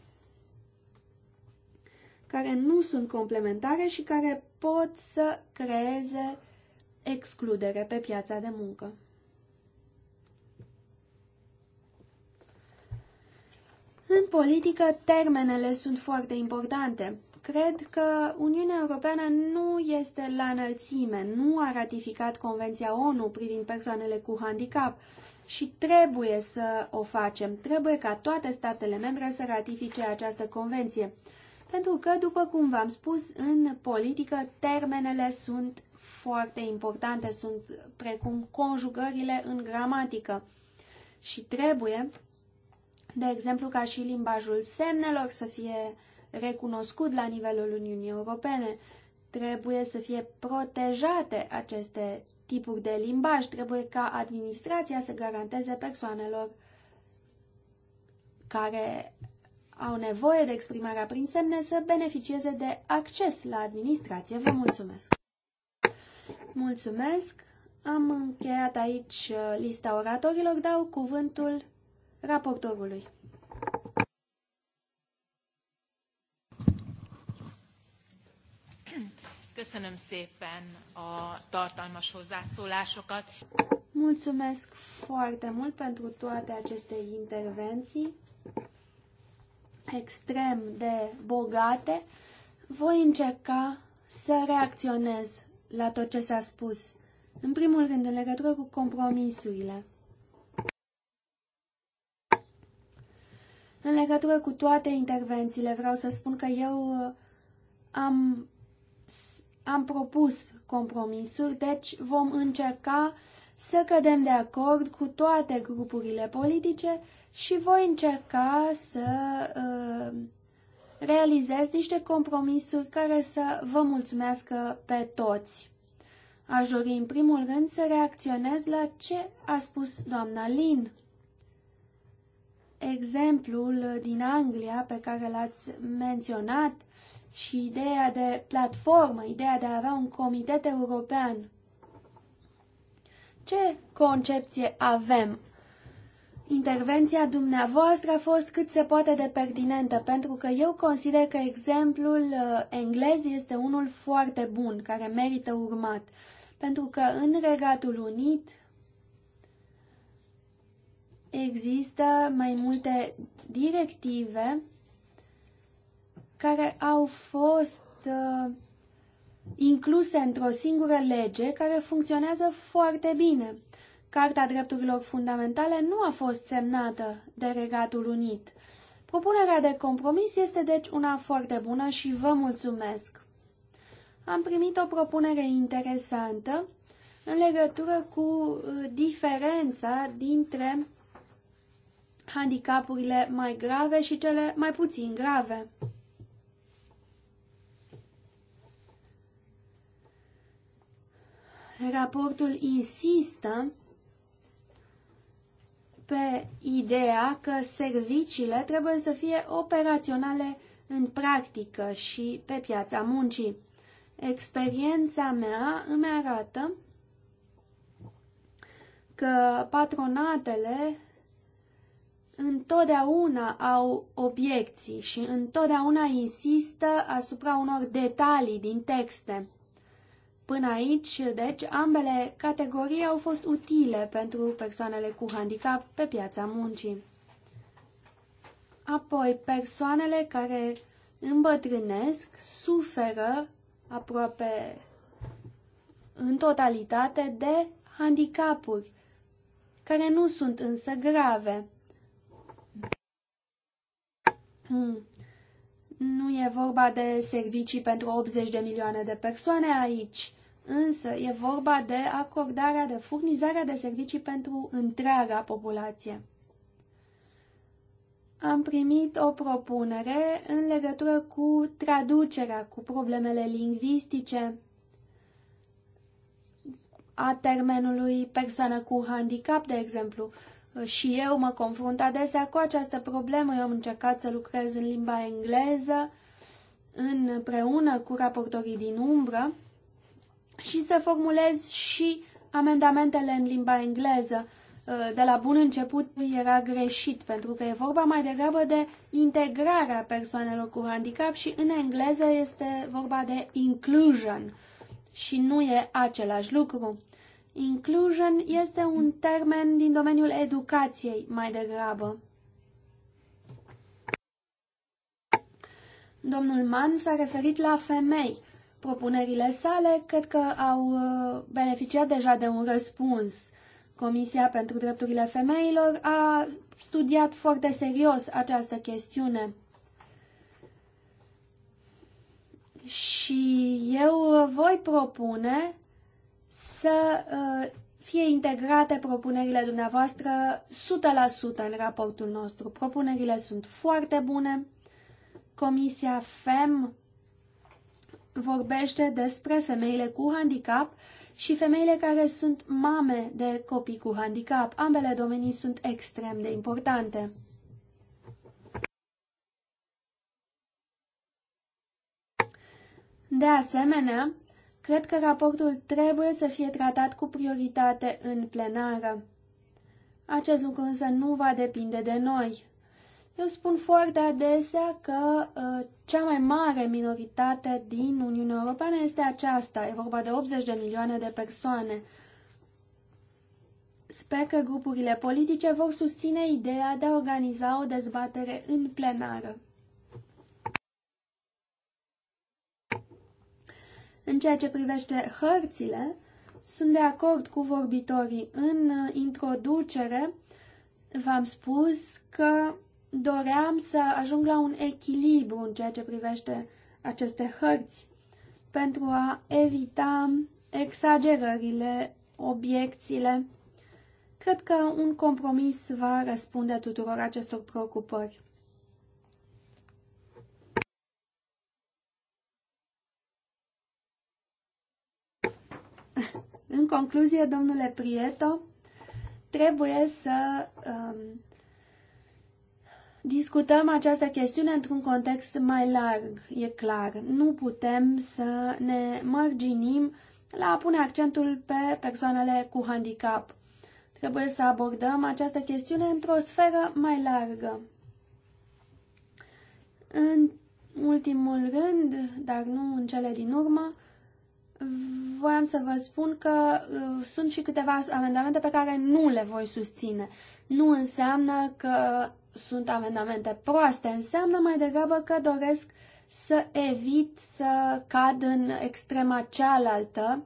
care nu sunt complementare și care pot să creeze excludere pe piața de muncă. În politică, termenele sunt foarte importante cred că Uniunea Europeană nu este la înălțime, nu a ratificat Convenția ONU privind persoanele cu handicap și trebuie să o facem. Trebuie ca toate statele membre să ratifice această convenție. Pentru că, după cum v-am spus, în politică termenele sunt foarte importante, sunt precum conjugările în gramatică. Și trebuie, de exemplu, ca și limbajul semnelor să fie uh, recunoscut la nivelul Uniunii Europene. Trebuie să fie protejate aceste tipuri de limbaj. Trebuie ca administrația să garanteze persoanelor care au nevoie de exprimarea prin semne să beneficieze de acces la administrație. Vă mulțumesc! Mulțumesc! Am încheiat aici uh, lista oratorilor, dau cuvântul raportorului. Köszönöm szépen a tartalmas hozzászólásokat. Mulțumesc foarte mult pentru toate aceste intervenții extrem de bogate. Voi încerca să reacționez la tot ce s-a spus. În primul rând, în legătură cu compromisurile. În legătură cu toate intervențiile, vreau să spun că eu uh, am am propus compromisuri, deci vom încerca să cădem de acord cu toate grupurile politice și voi încerca să uh, realizez niște compromisuri care să vă mulțumească pe toți. Aș dori în primul rând să reacționez la ce a spus doamna Lin. Exemplul din Anglia pe care l-ați menționat și ideea de platformă, ideea de a avea un comitet european. Ce concepție avem? Intervenția dumneavoastră a fost cât se poate de pertinentă, pentru că eu consider că exemplul uh, englez este unul foarte bun, care merită urmat. Pentru că în Regatul Unit există mai multe directive care au fost uh, incluse într-o singură lege care funcționează foarte bine. Carta Drepturilor Fundamentale nu a fost semnată de Regatul Unit. Propunerea de compromis este deci una foarte bună și vă mulțumesc. Am primit o propunere interesantă în legătură cu uh, diferența dintre handicapurile mai grave și cele mai puțin grave. Raportul insistă pe ideea că serviciile trebuie să fie operaționale în practică și pe piața muncii. Experiența mea îmi arată că patronatele întotdeauna au obiecții și întotdeauna insistă asupra unor detalii din texte. Până aici, deci, ambele categorii au fost utile pentru persoanele cu handicap pe piața muncii. Apoi, persoanele care îmbătrânesc suferă aproape în totalitate de handicapuri, care nu sunt însă grave. Hmm. Nu e vorba de servicii pentru 80 de milioane de persoane aici. Însă e vorba de acordarea, de furnizarea de servicii pentru întreaga populație. Am primit o propunere în legătură cu traducerea, cu problemele lingvistice a termenului persoană cu handicap, de exemplu. Și eu mă confrunt adesea cu această problemă. Eu am încercat să lucrez în limba engleză împreună cu raportorii din umbră și să formulez și amendamentele în limba engleză. Uh, de la bun început era greșit, pentru că e vorba mai degrabă de integrarea persoanelor cu handicap și în engleză este vorba de inclusion și nu e același lucru. Inclusion este un termen din domeniul educației mai degrabă. Domnul Mann s-a referit la femei propunerile sale cred că au uh, beneficiat deja de un răspuns. Comisia pentru Drepturile Femeilor a studiat foarte serios această chestiune. Și eu voi propune să uh, fie integrate propunerile dumneavoastră 100% în raportul nostru. Propunerile sunt foarte bune. Comisia FEM vorbește despre femeile cu handicap și femeile care sunt mame de copii cu handicap. Ambele domenii sunt extrem de importante. De asemenea, cred că raportul trebuie să fie tratat cu prioritate în plenară. Acest lucru însă nu va depinde de noi. Eu spun foarte adesea că uh, cea mai mare minoritate din Uniunea Europeană este aceasta, e vorba de 80 de milioane de persoane. Sper că grupurile politice vor susține ideea de a organiza o dezbatere în plenară. În ceea ce privește hărțile, sunt de acord cu vorbitorii. În introducere v-am spus că doream să ajung la un echilibru în ceea ce privește aceste hărți pentru a evita exagerările, obiecțiile. Cred că un compromis va răspunde tuturor acestor preocupări. În concluzie, domnule Prieto, trebuie să um, Discutăm această chestiune într-un context mai larg, e clar. Nu putem să ne marginim la a pune accentul pe persoanele cu handicap. Trebuie să abordăm această chestiune într-o sferă mai largă. În ultimul rând, dar nu în cele din urmă, voiam să vă spun că uh, sunt și câteva amendamente pe care nu le voi susține. Nu înseamnă că sunt amendamente proaste, înseamnă mai degrabă că doresc să evit să cad în extrema cealaltă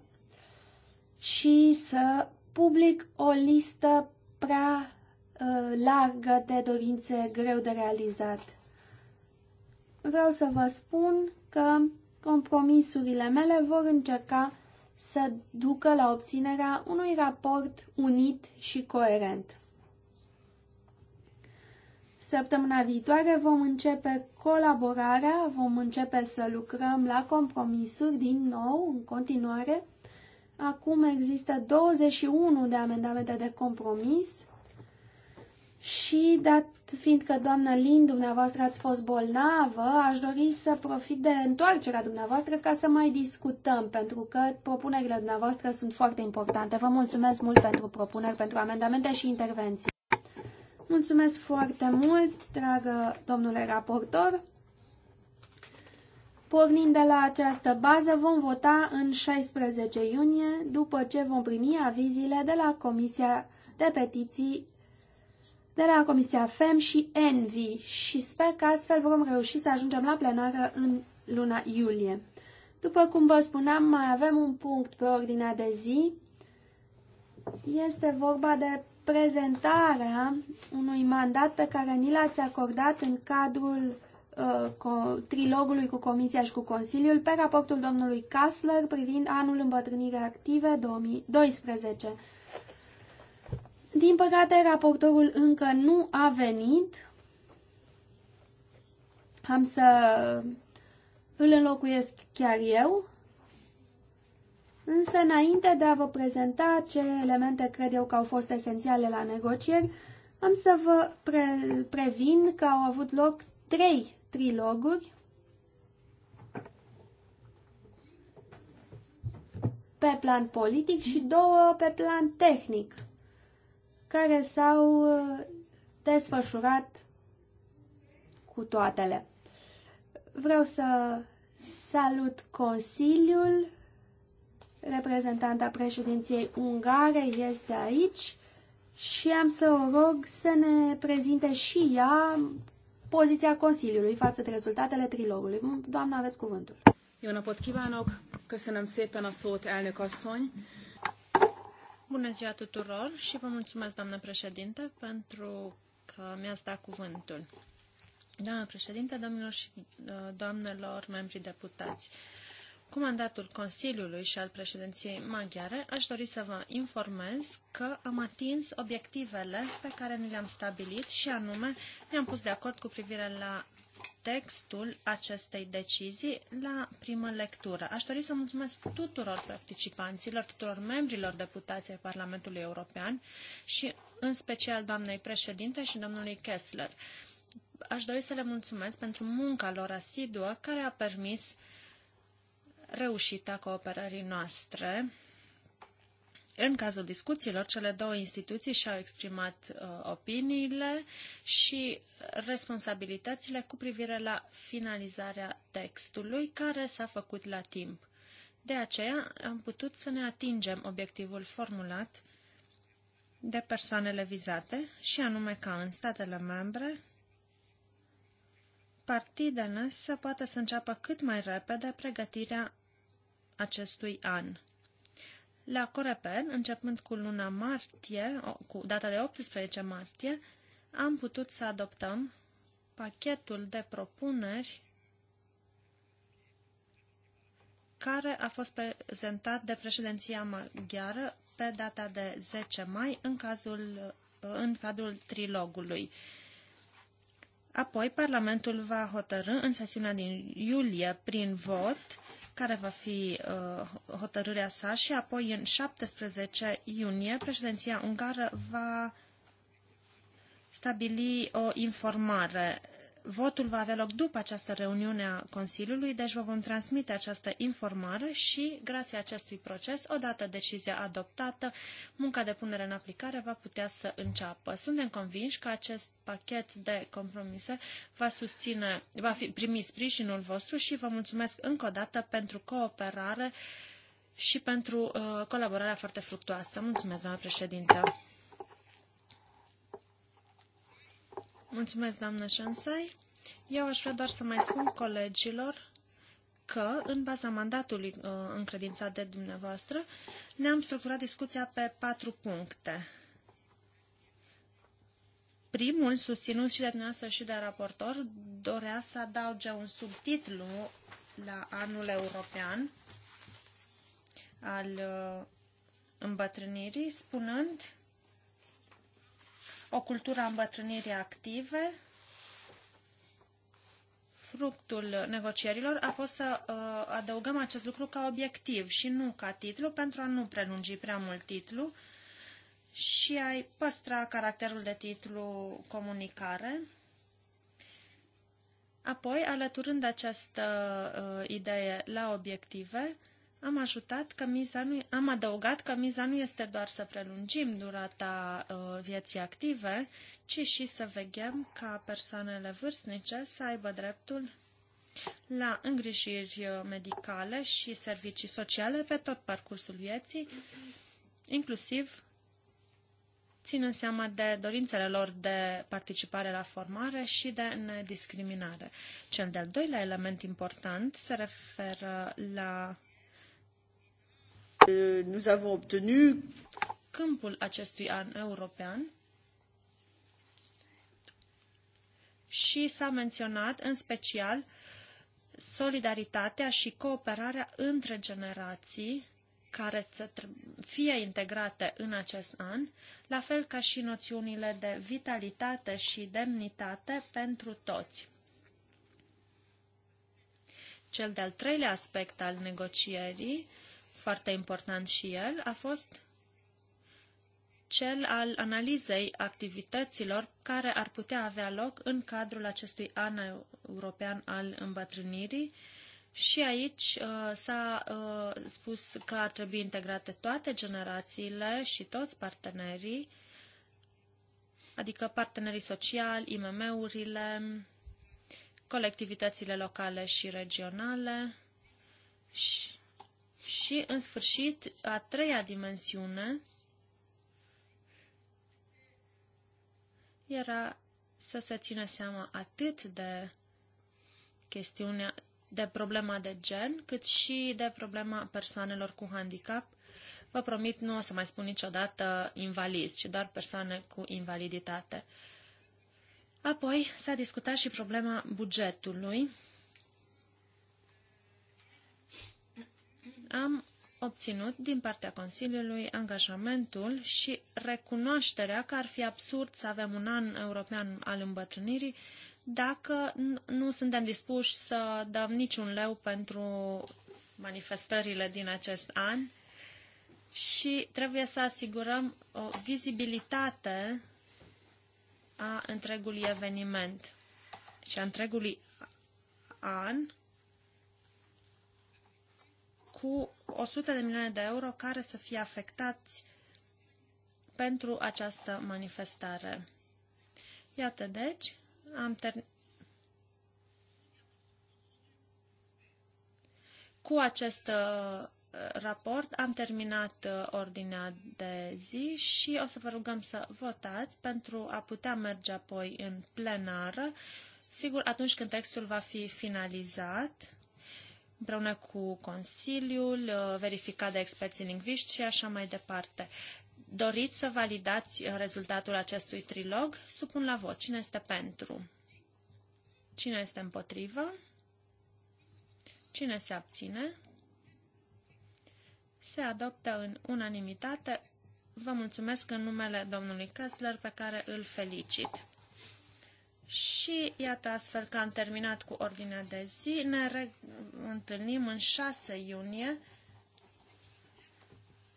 și să public o listă prea uh, largă de dorințe greu de realizat. Vreau să vă spun că compromisurile mele vor încerca să ducă la obținerea unui raport unit și coerent. Săptămâna viitoare vom începe colaborarea, vom începe să lucrăm la compromisuri din nou, în continuare. Acum există 21 de amendamente de compromis și dat fiindcă doamnă Lin, dumneavoastră ați fost bolnavă, aș dori să profit de întoarcerea dumneavoastră ca să mai discutăm, pentru că propunerile dumneavoastră sunt foarte importante. Vă mulțumesc mult pentru propuneri, pentru amendamente și intervenții. Mulțumesc foarte mult, dragă domnule raportor. Pornind de la această bază, vom vota în 16 iunie, după ce vom primi avizile de la Comisia de Petiții, de la Comisia FEM și ENVI și sper că astfel vom reuși să ajungem la plenară în luna iulie. După cum vă spuneam, mai avem un punct pe ordinea de zi. Este vorba de prezentarea unui mandat pe care ni l-ați acordat în cadrul uh, trilogului cu Comisia și cu Consiliul pe raportul domnului Kassler privind anul îmbătrânirii active 2012. Din păcate, raportorul încă nu a venit. Am să îl înlocuiesc chiar eu. Însă, înainte de a vă prezenta ce elemente cred eu că au fost esențiale la negocieri, am să vă pre- previn că au avut loc trei triloguri pe plan politic și două pe plan tehnic, care s-au uh, desfășurat cu toatele. Vreau să salut Consiliul reprezentanta președinției ungare este aici și am să o rog să ne prezinte și ea poziția Consiliului față de rezultatele trilogului. Doamna, aveți cuvântul. Jó napot kívánok! Köszönöm szépen a szót, elnök asszony! Bună ziua tuturor și vă mulțumesc, doamnă președinte, pentru că mi-ați dat cuvântul. Doamnă președinte, domnilor și uh, doamnelor membri deputați, uh, cu mandatul Consiliului și al președinției maghiare, aș dori să vă informez că am atins obiectivele pe care ni le-am stabilit și anume ne-am pus de acord cu privire la textul acestei decizii la primă lectură. Aș dori să mulțumesc tuturor participanților, tuturor membrilor deputației Parlamentului European și în special doamnei președinte și domnului Kessler. Aș dori să le mulțumesc pentru munca lor asiduă care a permis uh, reușită a cooperării noastre. În cazul discuțiilor, cele două instituții și-au exprimat uh, opiniile și responsabilitățile cu privire la finalizarea textului, care s-a făcut la timp. De aceea am putut să ne atingem obiectivul formulat de persoanele vizate, și anume ca în statele membre, partidele să poată să înceapă cât mai repede pregătirea acestui an. La Coreper, începând cu luna martie, cu data de 18 martie, am putut să adoptăm pachetul de propuneri care a fost prezentat de președinția maghiară pe data de 10 mai în, cazul, în cadrul trilogului. Apoi, Parlamentul va hotărâ în sesiunea din iulie, prin vot, care va fi uh, hotărârea sa și apoi în 17 iunie președinția ungară va stabili o informare Votul va avea loc după această reuniune a Consiliului, deci vă vom transmite această informare și, grație acestui proces, odată decizia adoptată, munca de punere în aplicare va putea să înceapă. Suntem convinși că acest pachet de compromise va susține, va fi, primi sprijinul vostru și vă mulțumesc încă o dată pentru cooperare și pentru uh, colaborarea foarte fructuoasă. Mulțumesc, doamna președintă! Mulțumesc, doamnă Șansai. Eu aș vrea doar să mai spun colegilor că, în baza mandatului uh, încredințat de dumneavoastră, ne-am structurat discuția pe patru puncte. Primul, susținut și de dumneavoastră și de raportor, dorea să adauge un subtitlu la anul european al uh, îmbătrânirii, spunând o cultură a îmbătrânirii active. Fructul negocierilor a fost să uh, adăugăm acest lucru ca obiectiv și nu ca titlu, pentru a nu prelungi prea mult titlu și ai păstra caracterul de titlu comunicare. Apoi, alăturând această uh, idee la obiective, am ajutat că miza nu, am adăugat că miza nu este doar să prelungim durata uh, vieții active, ci și să veghem ca persoanele vârstnice să aibă dreptul la îngrijiri uh, medicale și servicii sociale pe tot parcursul vieții, inclusiv ținând seama de dorințele lor de participare la formare și de nediscriminare. Cel de-al doilea element important se referă la nous avons obtenu. Câmpul acestui an european și s-a menționat în special solidaritatea și cooperarea între generații care să fie integrate în acest an, la fel ca și noțiunile de vitalitate și demnitate pentru toți. Cel de-al treilea aspect al negocierii foarte important și el, a fost cel al analizei activităților care ar putea avea loc în cadrul acestui an european al îmbătrânirii. Și aici uh, s-a uh, spus că ar trebui integrate toate generațiile și toți partenerii, adică partenerii sociali, IMM-urile, colectivitățile locale și regionale și și, în sfârșit, a treia dimensiune era să se țină seama atât de chestiunea de problema de gen, cât și de problema persoanelor cu handicap. Vă promit, nu o să mai spun niciodată invalizi, ci doar persoane cu invaliditate. Apoi s-a discutat și problema bugetului am obținut din partea Consiliului angajamentul și recunoașterea că ar fi absurd să avem un an european al îmbătrânirii dacă nu suntem dispuși să dăm niciun leu pentru manifestările din acest an și trebuie să asigurăm o vizibilitate a întregului eveniment și a întregului an cu 100 de milioane de euro care să fie afectați pentru această manifestare. Iată, deci, am terminat. Cu acest uh, raport am terminat uh, ordinea de zi și o să vă rugăm să votați pentru a putea merge apoi în plenară, sigur atunci când textul va fi finalizat împreună cu Consiliul, uh, verificat de experții lingviști și așa mai departe. Doriți să validați uh, rezultatul acestui trilog? Supun la vot. Cine este pentru? Cine este împotrivă? Cine se abține? Se adoptă în unanimitate. Vă mulțumesc în numele domnului Kessler pe care îl felicit. Și iată astfel că am terminat cu ordinea de zi. Ne întâlnim în 6 iunie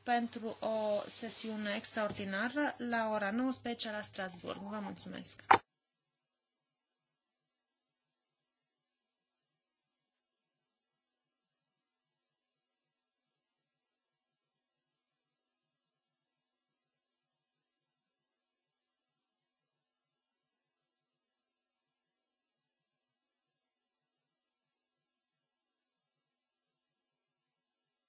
pentru o sesiune extraordinară la ora 19 la Strasburg. Vă mulțumesc!